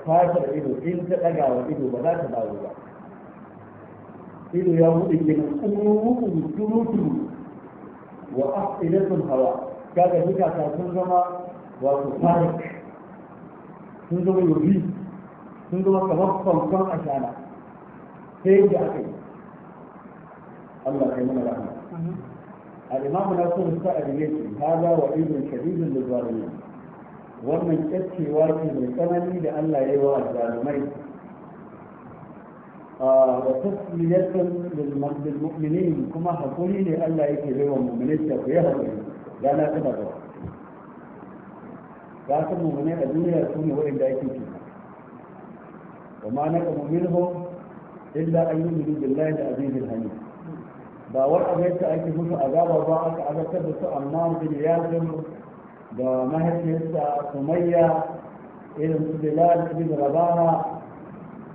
fatar ido in ta ɗaga wa ido ba za ta dawo ba ido ya buɗe kenan tsuru tsuru wa afilatun hawa kaga duka sun zama wato farik sun zama yobi sun zama kamar fanfan a shana sai da aka yi Allah yi mana rahama a imamu na so musa a dire ce ha za wa ibn shadidin da zuwa ne wannan kyakkewa ce mai tsanani da Allah ya yi wa jalumai wa tasliyatan lil mu'minin kuma haƙuri ne Allah yake yi wa mu'minin da ku yi hakuri da na tuba ba. ga san mu'minai a duniya su ne waɗanda ake ke وما نقم منهم إلا أن يؤمنوا بالله العزيز الحميد ba wani abu yadda ake musu azaba ba aka azabtar da su amma bin yasin da mahaifiyarsa sumayya irin su bilal ibn rabaha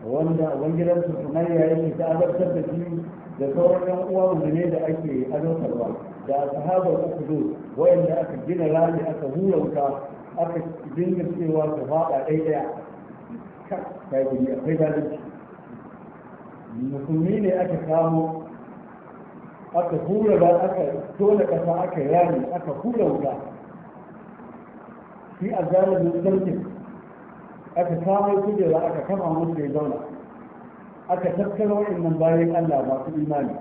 wanda wangiransu sumayya yake ta azabtar da shi da sauran yan uwa ne da ake azabtarwa da sahabar uku wayanda aka gina rami aka hura wuta aka dinga cewa su faɗa ɗaya ta yi kafiri akwai zalunci musulmi ne aka samu aka hura ba aka tona ƙasa aka yami aka hura wuta shi a zalibin sarkin aka samu kujera aka kama musu ya zauna aka tattara waɗannan bayan allah masu imani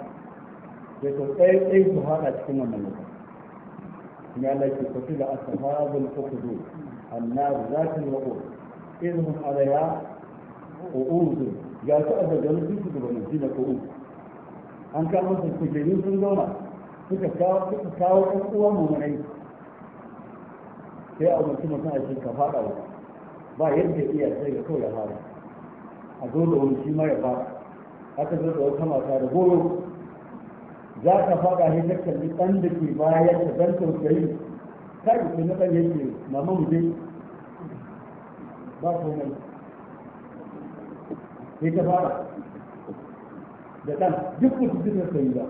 da su tsaye tsaye su haɗa cikin wannan wuta ya lafi kwafi da ashababul ukudu annabi yi wa'ud irin alaya ƙo'udu ga su a da su su gaba da ko uzu an kama su kujeru sun zauna suka kawo ɗan uwan mamanai. sai a mutum mutum a cikin faɗa ba ba yadda iya sai ga kawai hada a zo da wani shi mara ba, aka zo da wata mata da goro za ka faɗa ne ta kalli ɗan da ke baya ta dan tausayi kai ku na ɗan yake mama mu ba komai sai ta fara da ɗan duk mutum da yi ba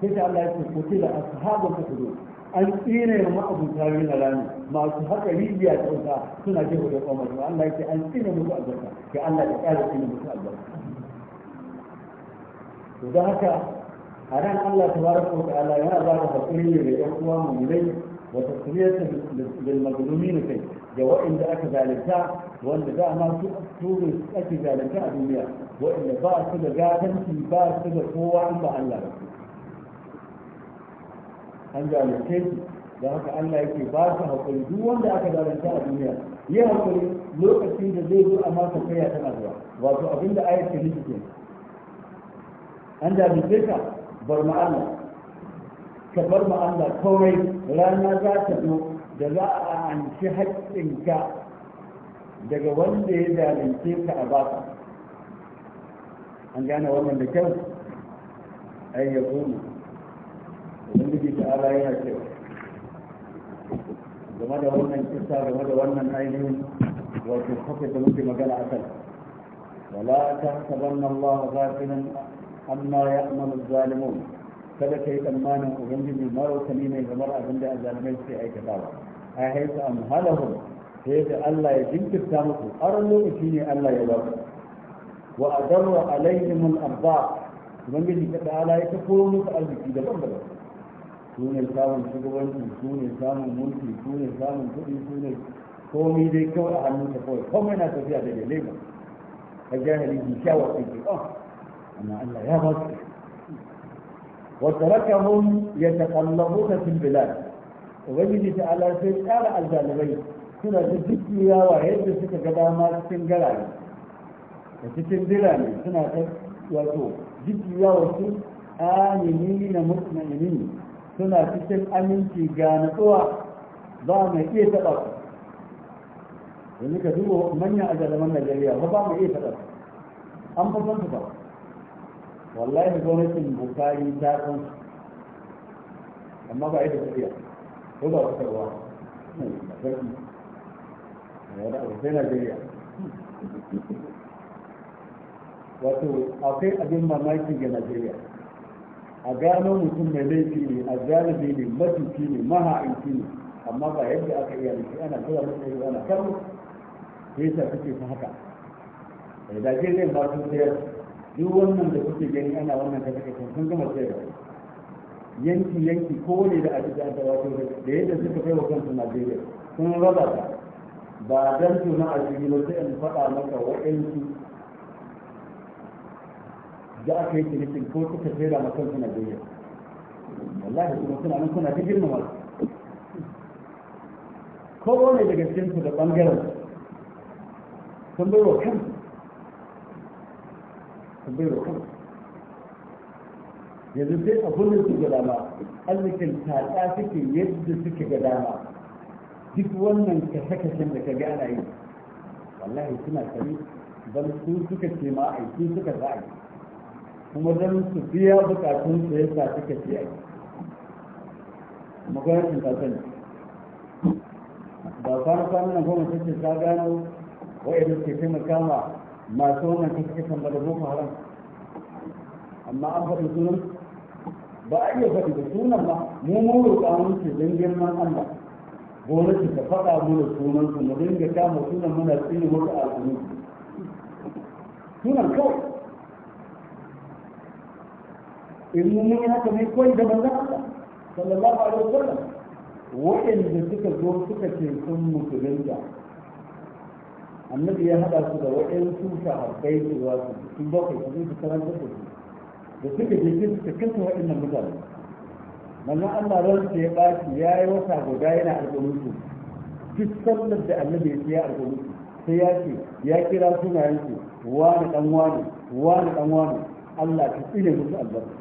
sai ta Allah ya ce ko ce da ashabun ta kudu an tsine ma ma'abuta yin rami masu haka rijiya ta wuta suna jefa da kwamar ba Allah ya ce an tsine musu albarka sai Allah ya ƙara tsine musu albarka to don haka a ran Allah ta baraka wa ta'ala yana ba da hakuri ne da ƴan uwa mu ne wa tasmiyatan lil mazlumin kai da wa'inda aka zalunta وأن ذا ما تؤثر أتي ذلك أبي وإن باسد جادا في باسد قوة عند الله عند الكيس ذاك أن لا يكي باسد هكذا دون ذاك ذلك أبي يا أخي لو أتيت ذلك أما تقيا تنظر وتؤذن لآية كنيسة عند الكيسة برمى الله كبرمى الله كوري لا نزال تدو جزاء عن شهد إنكار daga wanda ya zalunce ka a baka an gane wannan da kyau ai ya kuma ubangiji ta ala yana cewa game da wannan kisa game da wannan ainihin wato kafa da muke magana a kan wala ta saban Allah ghafilan amma ya'malu zalimun kada kai tsammanin ubangiji marauta ne mai gamar abin da azalimai suke aikata ba ai haisu amhalahum sai da Allah ya jinkirta muku har lokaci ne Allah ya ba wa adarwa alaihim al-arba ubangiji ta ta'ala ya kafo musu arziki daban-daban su ne samun shugabanci su ne samun mulki su ne samun kuɗi su ne komi dai kawai a hannun ta kawai komai na tafiya da dalilai ba ka jahili bi shawar ta ke ɗan amma Allah ya ba su wa tarakahum yataqallabuna fil bilad ubangiji ta ala sai tsara aljalibai suna ta jujjuyawa yadda suka ga dama cikin ne da cikin ne suna ta wato jujjuyawa su amini na mutmaini suna cikin aminci ga natsuwa ba mai iya taɓa su yanzu ka duba manyan ajalaman najeriya ba ba mai iya taɓa su an fa san su ba wallahi gwamnatin bukari ta san su amma ba da tafiya ko ba su karwa sarki sai najeriya wato akwai abin mamaki ga najeriya a gano mutum mai laifi ne a gano ne matuki ne maha'inci ne amma ba yadda aka iya nufi ana zuwa ya ana karo da yasa kuke ta haka da najeriya ba sun sayar duk wannan da kuke gani ana wannan ta take sun gama sayar yanki yanki kowane da cikin da wato da yadda suka kai wa kansu najeriya sun raba ta ba dan tuna a cikin wata in faɗa maka waɗansu da aka yi cinikin ko suka tsira makan suna bayyana wallahi kuma suna nan suna ta girma girmama ko wani daga cikin da bangaren sun bai wa kan sun bai wa kan yanzu sai abin su ga dama Allakin tsada suke yadda suke ga dama duk wannan kashe-kashen da ka ga ana yi wallahi suna sani don su suka ce ma a su suka za a yi kuma don su biya bukatun su yasa suka ce a yi magwamnatin ta sani ba kwana kwana nan goma ta ta gano wa'ida ke taimaka ma masu wannan kashe-kashen san bada boko haram amma an faɗi sunan ba a iya faɗi da sunan ba mu mu roƙa mu ce don girman Allah gwamnati ta faɗa mana sunan su mu dinga kama sunan muna tsini musu al'ummi sunan kawai in mun yi haka ne kawai da manzan Allah sallallahu alaihi wasallam da suka zo suka ce sun musulunta annabi ya haɗa su da waɗansu sahabbai su za su sun bakwai su ta karanta da su da suka je suka kasa waɗannan mutane manzon Allah ran da ya baki ya yi wata guda yana alƙunutu duk sallar da annabi ya yi alƙunutu sai ya ce ya kira sunayen su wani dan wani wani dan wani Allah ta tsine musu albarka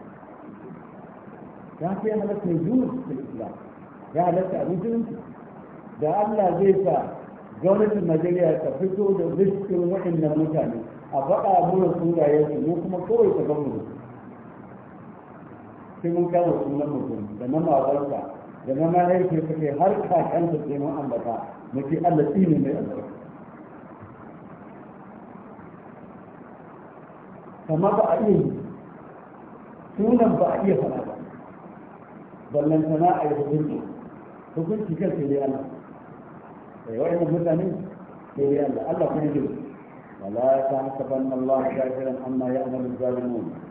ya fi halatta yunus fil islam ya halatta a da Allah zai sa gwamnatin Najeriya ta fito da riskin waɗannan mutane a faɗa mura sunayen su kuma kawai ta gwamnati sai mun kama sunan mutum da na mawarsa da na mahaifiyar ta kai har kakansa sai mun ambata muke Allah tsini mai albarka kama ba a iya sunan ba a iya fara ba ballan sana a yi hukunci hukunci kan sai dai Allah sai wa'annan mutane sai dai Allah Allah kuma yi wala ta hasabanna Allah kafiran amma ya'malu zalimun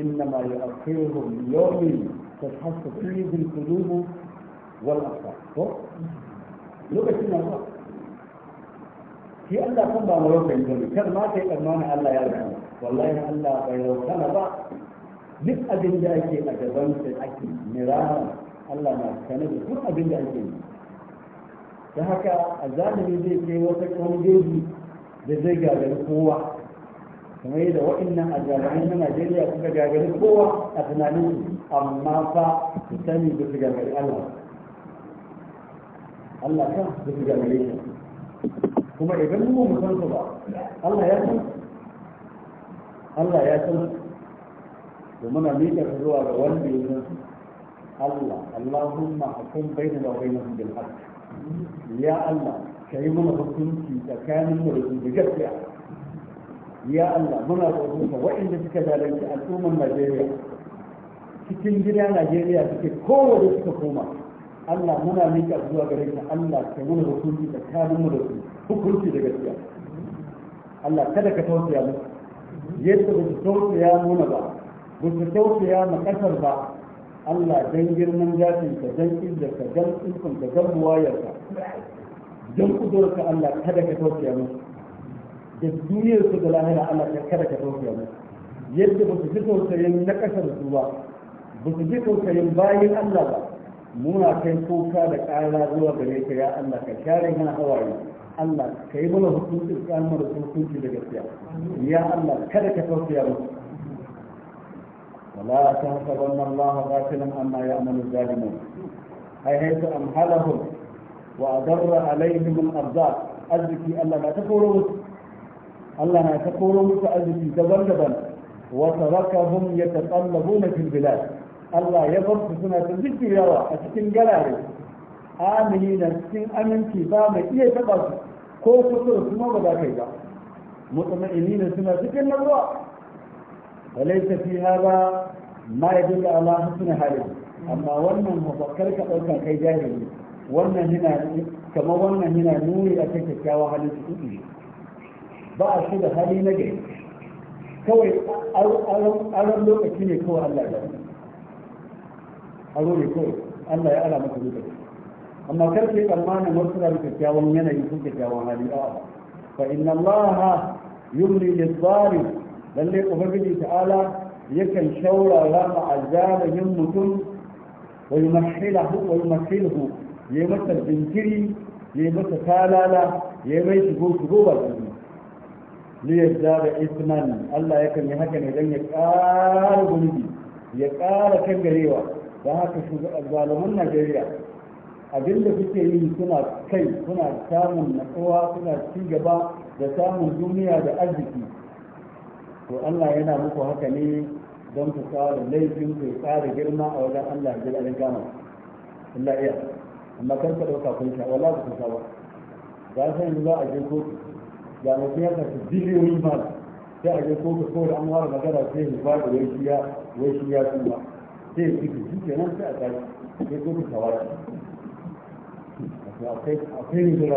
إنما يؤخرهم ليوم تتحس فيه القلوب والأبصار lokacin nan ba shi Allah kan ba mu rauka ne kar ma kai tsammani Allah ya rauka wallahi Allah bai rauka ba duk abin da ake a gaban da ake mirara Allah na kane da duk abin da ake yi da haka a zalimi zai kai wata kan da zai gagari kowa kamar yadda waɗannan azalimai na Najeriya suka gagari kowa a tunanin amma fa su sani ba su gagari Allah Allah kan ba su gagari shi kuma idan mu mu san su ba Allah ya san Allah ya san da muna miƙa zuwa ga wanda ya san Allah Allahumma akum bainana wa bainahum bil haqq ya Allah kai mana hukunci tsakanin mu da su gaskiya ya Allah muna roƙonka waɗanda suka zalunci al'ummar Najeriya cikin gida Najeriya suke kowane suka koma Allah muna miƙa zuwa gare ka Allah ka mana hukunci da kanin mu da su hukunci da gaskiya Allah kada ka tausaya mu yadda ba su tausaya muna ba ba su tausaya ma ƙasar ba Allah dan girman jafin ka dan inda ka dan ikon ka dan buwayar ka dan kudurka Allah kada ka tausaya mu da duniyar su da lahira Allah ka kada ka tausaya musu yadda ba su ji tausayin na kasar su ba ba su ji tausayin bayan Allah ba muna kai kuka da ƙara zuwa gare ka ya Allah ka share mana hawaye Allah ka yi mana hukunci ka mana hukunci da gaskiya ya Allah kada ka tausaya musu ولا تحسبن الله غافلا عما يعمل الظالمون حيث امهلهم واضر عليهم الارزاق arziki Allah na ta koro musu الله ما تقولوا متعذبي تذنبا وتركهم يتطلبون في البلاد الله يضر في سنة الزكي يرى أتكين قلاري آمنين أتكين أمن كفامة إيه تبقى كوكو سنة سنة بدا كيدا مطمئنين سنة تكين الله فليس في هذا ما يدل على حسن حاله أما ولنا المفكر كأوكا كيدا يجب ولنا هنا كما ولنا هنا نوري أتكي كاوها لتكين ba shi da hali na gari kawai aron lokaci ne kawai Allah ya aro ne kawai Allah ya ala maka lokaci amma kar ke tsammanin wasu da kyakkyawan yanayi ko kyakkyawan hali a fa inna Allah yumli lizzalim lalle ubangiji ta'ala yakan shaurara ma'azzalimin mutum wa yumahhilahu wa yumahhilahu yayi masa jinkiri yayi masa talala yayi mai shigo shigo ba su liyarda da isman Allah yakan yi haka ne don ya ƙara gurbi ya ƙara kangarewa don haka shugaban Najeriya abinda suke yi suna kai suna samun natsuwa suna ci gaba da samun duniya da arziki to Allah yana muku haka ne don ku ƙara laifin ku ƙara girma a wajen Allah da jira gama Allah iya amma kan ka ɗauka kun wala ku sha ba za san za a je kotu ya mutum ya tafi biliyoyin ba sai a je kotu an wara magana sai ba da sai sai a tashi sai akwai ne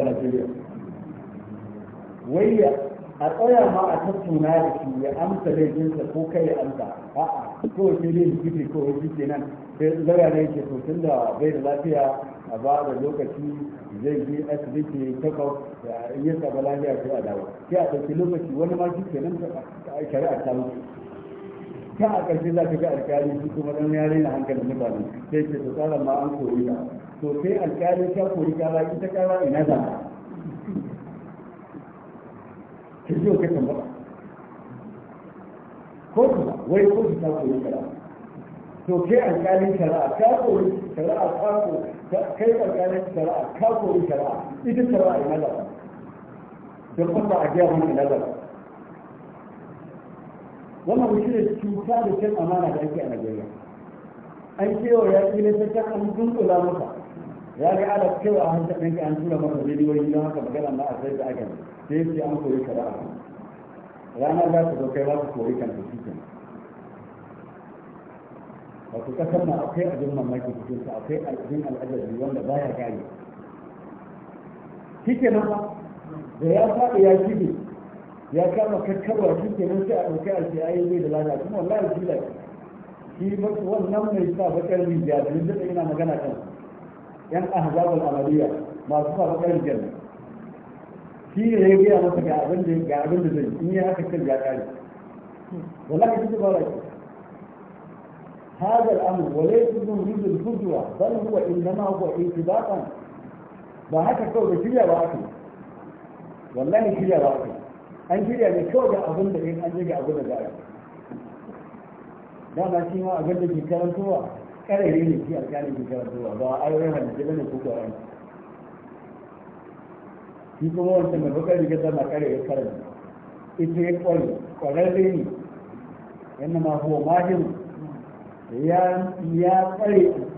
wai ya a tsaya ma a tattuna da shi ya amsa laifinsa ko kai ya amsa a'a ko shi ne jiki ko shi ke nan sai zara ne ke to tun da bai da lafiya a ba da lokaci zai je asibiti takwas in yi saba lafiya ko a dawo sai a ɗauki lokaci wani ma shi ke nan shari'a ta mutu ta a ƙarshe za ka ga alƙali shi kuma ɗan yare na hankalin mutane sai ce to tsara ma an koyi ba. to sai alƙali ta koyi kara ita kara ina da. تجدون كيف انضرب كتبة وين كنت تقول الكلام سو كيف قال انت لا كافو كلا كافو كيف قال انت لا كافو كلا اذا ترى ماذا تقول ما اجاهم من هذا وما بيصير تشوفان كم امانه بيجي انا جاي اي شيء يا اخي لسه كان كنت كلا مره يعني على كيف اهم تنجي انت لما تريد وين لا كما قال الله عز وجل sai sai an koyi ka da ranar za ta zo kai za ta koyi kan da cikin wato kasar na akwai abin mamaki cikin sa akwai abin al'ajabi wanda baya gane shi kenan ba da ya faɗi ya shige ya kama kakkarwa shi kenan sai a ɗauki a ai bai da lada kuma wallahi shi da shi wannan mai sa bakar rijiya da yanzu da ina magana kan yan ahzabul amaliya masu sa bakar rijiya shi ne ya gaya masa ga abin da ga abin in ya haka kan ya kare wallahi kike ba wai hadal amr walai kun yudu fudwa bal huwa inma huwa itibaqan ba haka kawai da shirya ba haka wallahi shirya ba haka an shirya ne kawai ga abin da in an je abin da za a yi dama shi ma abin ke karantowa karare ne shi alƙalin ke karantowa ba a yi rahama da ke bane kuka rahama shi kuma wancan mai bakar riga tana kare ya kare ita ya kwari kwararre ne yana ma huwa mahim ya ya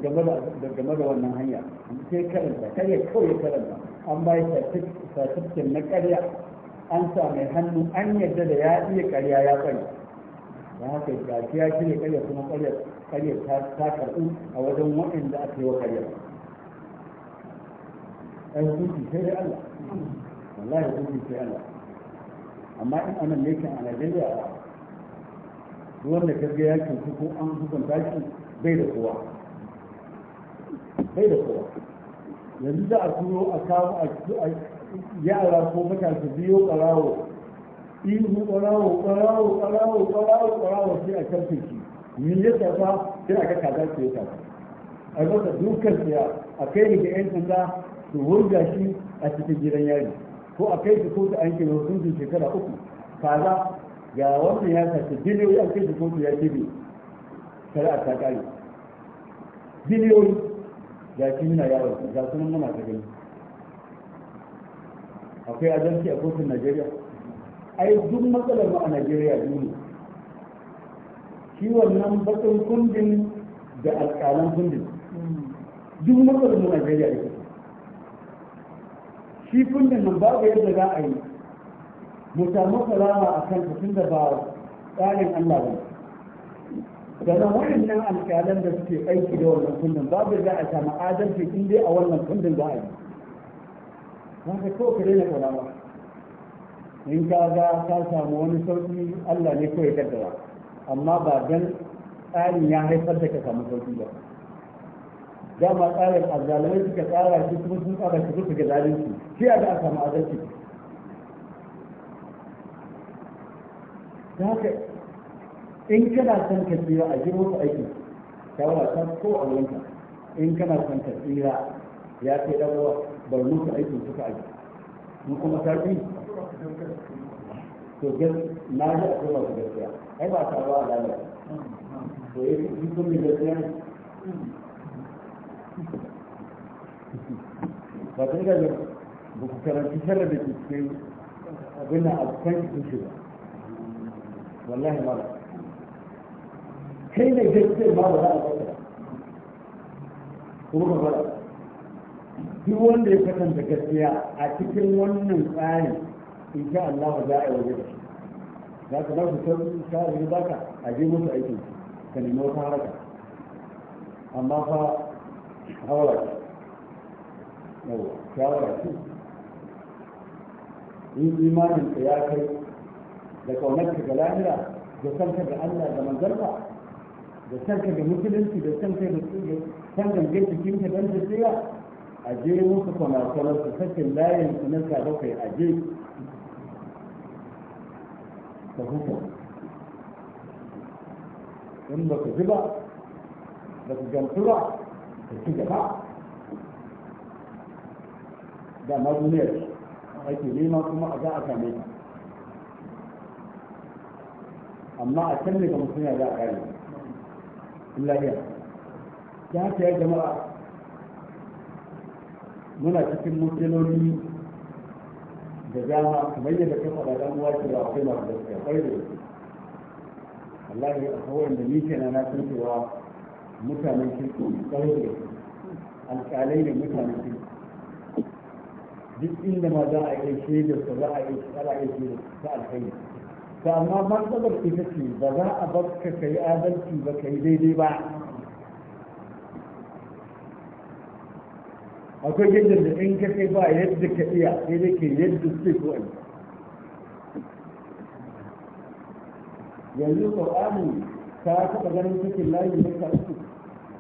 game da wannan hanya sai karanta kare kawai ya karanta an bai satifikin na karya an sa mai hannu an yadda da ya iya karya ya kware da haka gashi shi ne karya kuma karya ta karɓi a wajen waɗanda aka yi wa karya ai hukunci sai dai Allah wallahi hukunci sai Allah amma in anan ne kan a Najeriya wanda kaga ya cutu ko an hukunta shi bai da kowa bai da kowa yanzu za a turo a kawo a yara ko mutane biyo karawo, ihu ƙarawo ƙarawo ƙarawo ƙarawo ƙarawo sai a karfe shi ni ya tafa sai a ga kaza su ta, a masa dukkan siya a kai ni ga 'yan sanda to wurga shi a cikin gidan yari ko a kai shi kotu an kira hukuncin shekara uku kaza ga wannan ya sace biliyoyi an kai shi kotu ya kebe shari'a ta kare biliyoyi ga shi muna yawo ga sunan muna ta gani akwai adalci a kotun najeriya ai duk matsalar mu a najeriya duniya shi wannan bakin kundin da alƙalan kundin duk matsalar mu najeriya ne. shi kunnen nan babu yadda za a yi mu samu salama a kan tun da ba tsarin Allah ba daga waɗannan alƙalan da suke aiki da wannan kundin babu za a samu adalci in dai a wannan kundin za a yi Ba ka kawo ka daina salama. in ka ga ka samu wani sauƙi Allah ne kawai kaddara amma ba dan tsarin ya haifar da ka samu sauƙi ba dama tsarin azalimai suka tsara shi kuma sun tsara shi su ga zalunci shi a ga a samu adalci ta haka in kana son ka tsira a girma su aiki shawara ta ko a wanka, in kana son ka tsira ya kai dan uwa bar musu aikin su ka aiki mun kuma ta ƙi to gas na ji a kuma su gaskiya ai ba ta ba a ba. to yi kuma gaskiya ba ta ga ba ku karanci sharar da ke cikin abin nan abokan cikin shi ba wallahi ma ba kai ne gaskiyar ma ba za a baka kuma ba ba duk wanda ya kasanta gaskiya a cikin wannan tsari in sha Allah za a yi waje da shi za ka ba su san sha'ari baka a je musu aikin ka nemi wata haraka amma fa shawara yawa shawara su in imanin ka ya kai da kaunar ka ga lahira da san ka da Allah da manzarka da san ka da musulunci da san ka da san gangar jikin ka don tafiya a je musu kwanakwanar su sakin layin su na sa bakwai a je ka hukum in ba ka ji ba ba ka gamsu ba da ci gaba da ma duniyar ake nema kuma a za a same ta amma a can ga mutum ya za a kare lafiya ya ta yi jama'a muna cikin mutaloli da dama kamar yadda kan faɗa ɗan uwa cewa akwai masu gaskiya ƙwarai da gaske wallahi a kawai da ni kenan na san cewa mutanen kirki kwarai da alƙalai da mutanen kirki duk inda ma za a yi shaidar sa za a yi za a yi shaidar ta alkhairi to amma martabar ita ce ba za a bar ka kai adalci ba kai daidai ba akwai yadda da in ka kai ba yadda ka iya sai dai ke yadda suke so a yi yanzu ƙur'ani ta taɓa ganin cikin layi na ta uku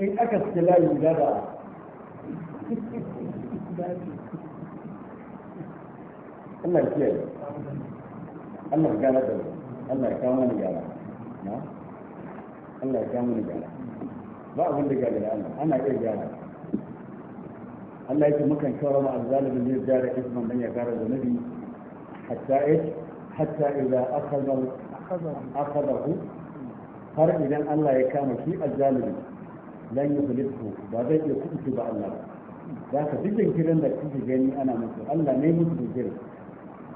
in aka suke layi gada Allah ya kiyaye Allah ya gana da Allah ya kama ni gana na Allah ya kama ni gana ba abin da gada da Allah ana iya gana Allah yake mukan kawar ma azzalimin ne da isman dan ya kara zunubi hatta ish hatta idza akhadha akhadahu har idan Allah ya kama shi azzalimin lan yuflitku ba zai iya kuɗi ba Allah ba za ka duk jinkirin da kuke gani ana musu Allah ne musu jinkirin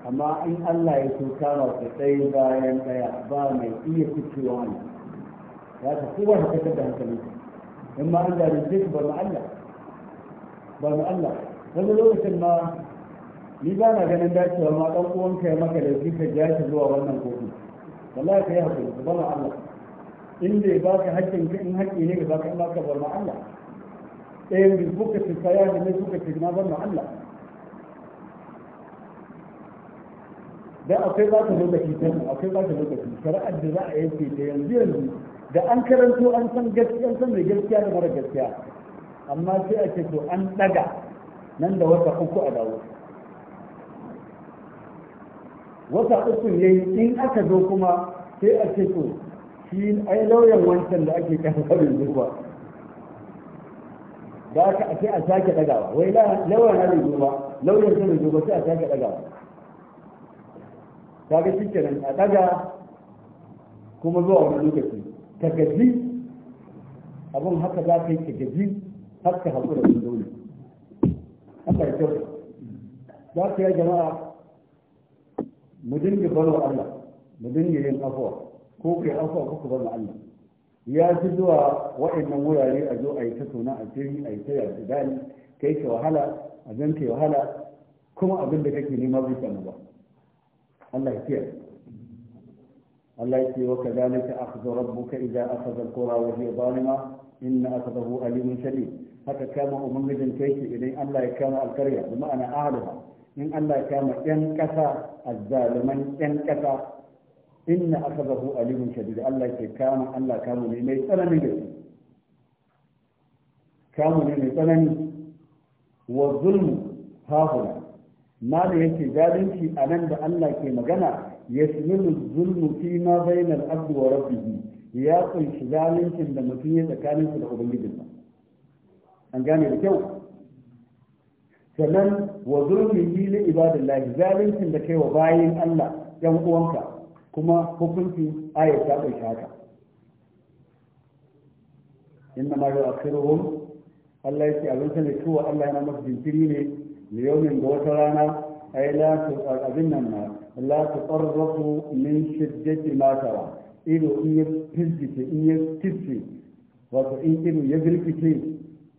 amma in Allah ya so kama su tsaye bayan daya ba mai iya kucewa ne za ka kowa ka kasar da hankali in ma an zalunce ku ba mu Allah ba mu Allah wani lokacin ma ni ba na ganin dacewa ma ɗan uwanka ya maka da ka ja shi zuwa wannan kofi wallahi ka yi hakuri ba mu Allah in bai baka hakkin ka in hakki ne ba ka in ka bar ma Allah ɗayan bi kuka ci kaya da ne kuka ci bar ma Allah da akwai ba ta lokaci ta akwai ba ta lokaci shari'ar da za a yanke ta yanzu yanzu da an karanto an san gaskiya an san mai gaskiya da mara gaskiya amma sai a ce to an daga nan da wata uku a dawo wata uku ne in aka zo kuma sai a ce to shi ai lauyan wancan da ake kan sabin zuwa da aka sai a sake dagawa wai lauyan na bai zuwa lauyan ta bai zuwa sai a sake dagawa kaga shi kenan a daga kuma zuwa wani lokaci ka gaji abin haka za ka yi ka gaji har ka haƙura da dole haka ya kyau za ka yi jama'a mu dinga baro Allah mu dinga yin afuwa ko kai afuwa ko ku bar Allah ya fi zuwa waɗannan wurare a zo a yi ta tona a jiri a yi ta yarda dani kai ke wahala a zan ke wahala kuma abin da kake nema bai samu ba Allah ya kiyaye Allah ya ce wa kadalika akhdha rabbuka idza akhadha al-qura wa hiya zalima inna akhdahu alimun shadid haka kama ubangijin kai ke idan Allah ya kama alkarya bi ma'ana ahluha in Allah ya kama yan kasa azzaluman yan kasa inna akabahu alimun shadid Allah ke kama Allah kamu ne mai tsanani gaske kamu ne mai tsanani wa zulmu hahuna ma yake zalunci a nan da Allah ke magana ya shimilu zulmu fi ma bainal abdu wa rabbihi ya kunshi zaluncin da mutum ya su da ubangijinsa an gane da kyau sannan wa zulmi li ibadillahi zaluncin da kai wa bayin Allah yan uwanka kuma hukunci ayar ta ɗauki haka inna ma yau akhiruhum Allah yake abin sani tuwa. Allah yana masa jinkiri ne da yaumin da wata rana yi la a abin nan na la tu min shi ma tara ido in ya firgice in ya tirce wato in ido ya firgice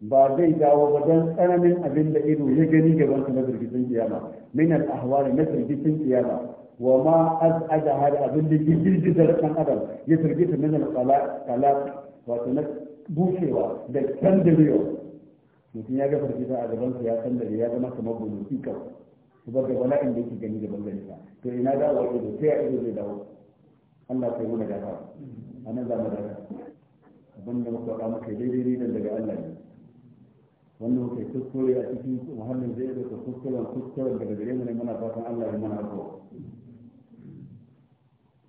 ba zai dawo ba don tsananin abin da ido ya gani gaban su na firgicin kiyama min al ahwal na firgicin kiyama وما أزعج هذا أبن لجل جدر كان أدم يترجيت من القلاق قلاق وتنك بوشي وده كان دليو لكن يجب فرجيت هذا بنت يا كان دليو يا جماعة ما بقول فيك سبب ولا إن ديك جني جبل جنسا فإن هذا وجد فيه إذا زيد أو الله سيقول جاها أنا ذا مدرع أبن لما تقام كذيري ريد اللي قال لي wannan kai kuskure a cikin muhallin zai yi da kuskure kuskure daga gare mu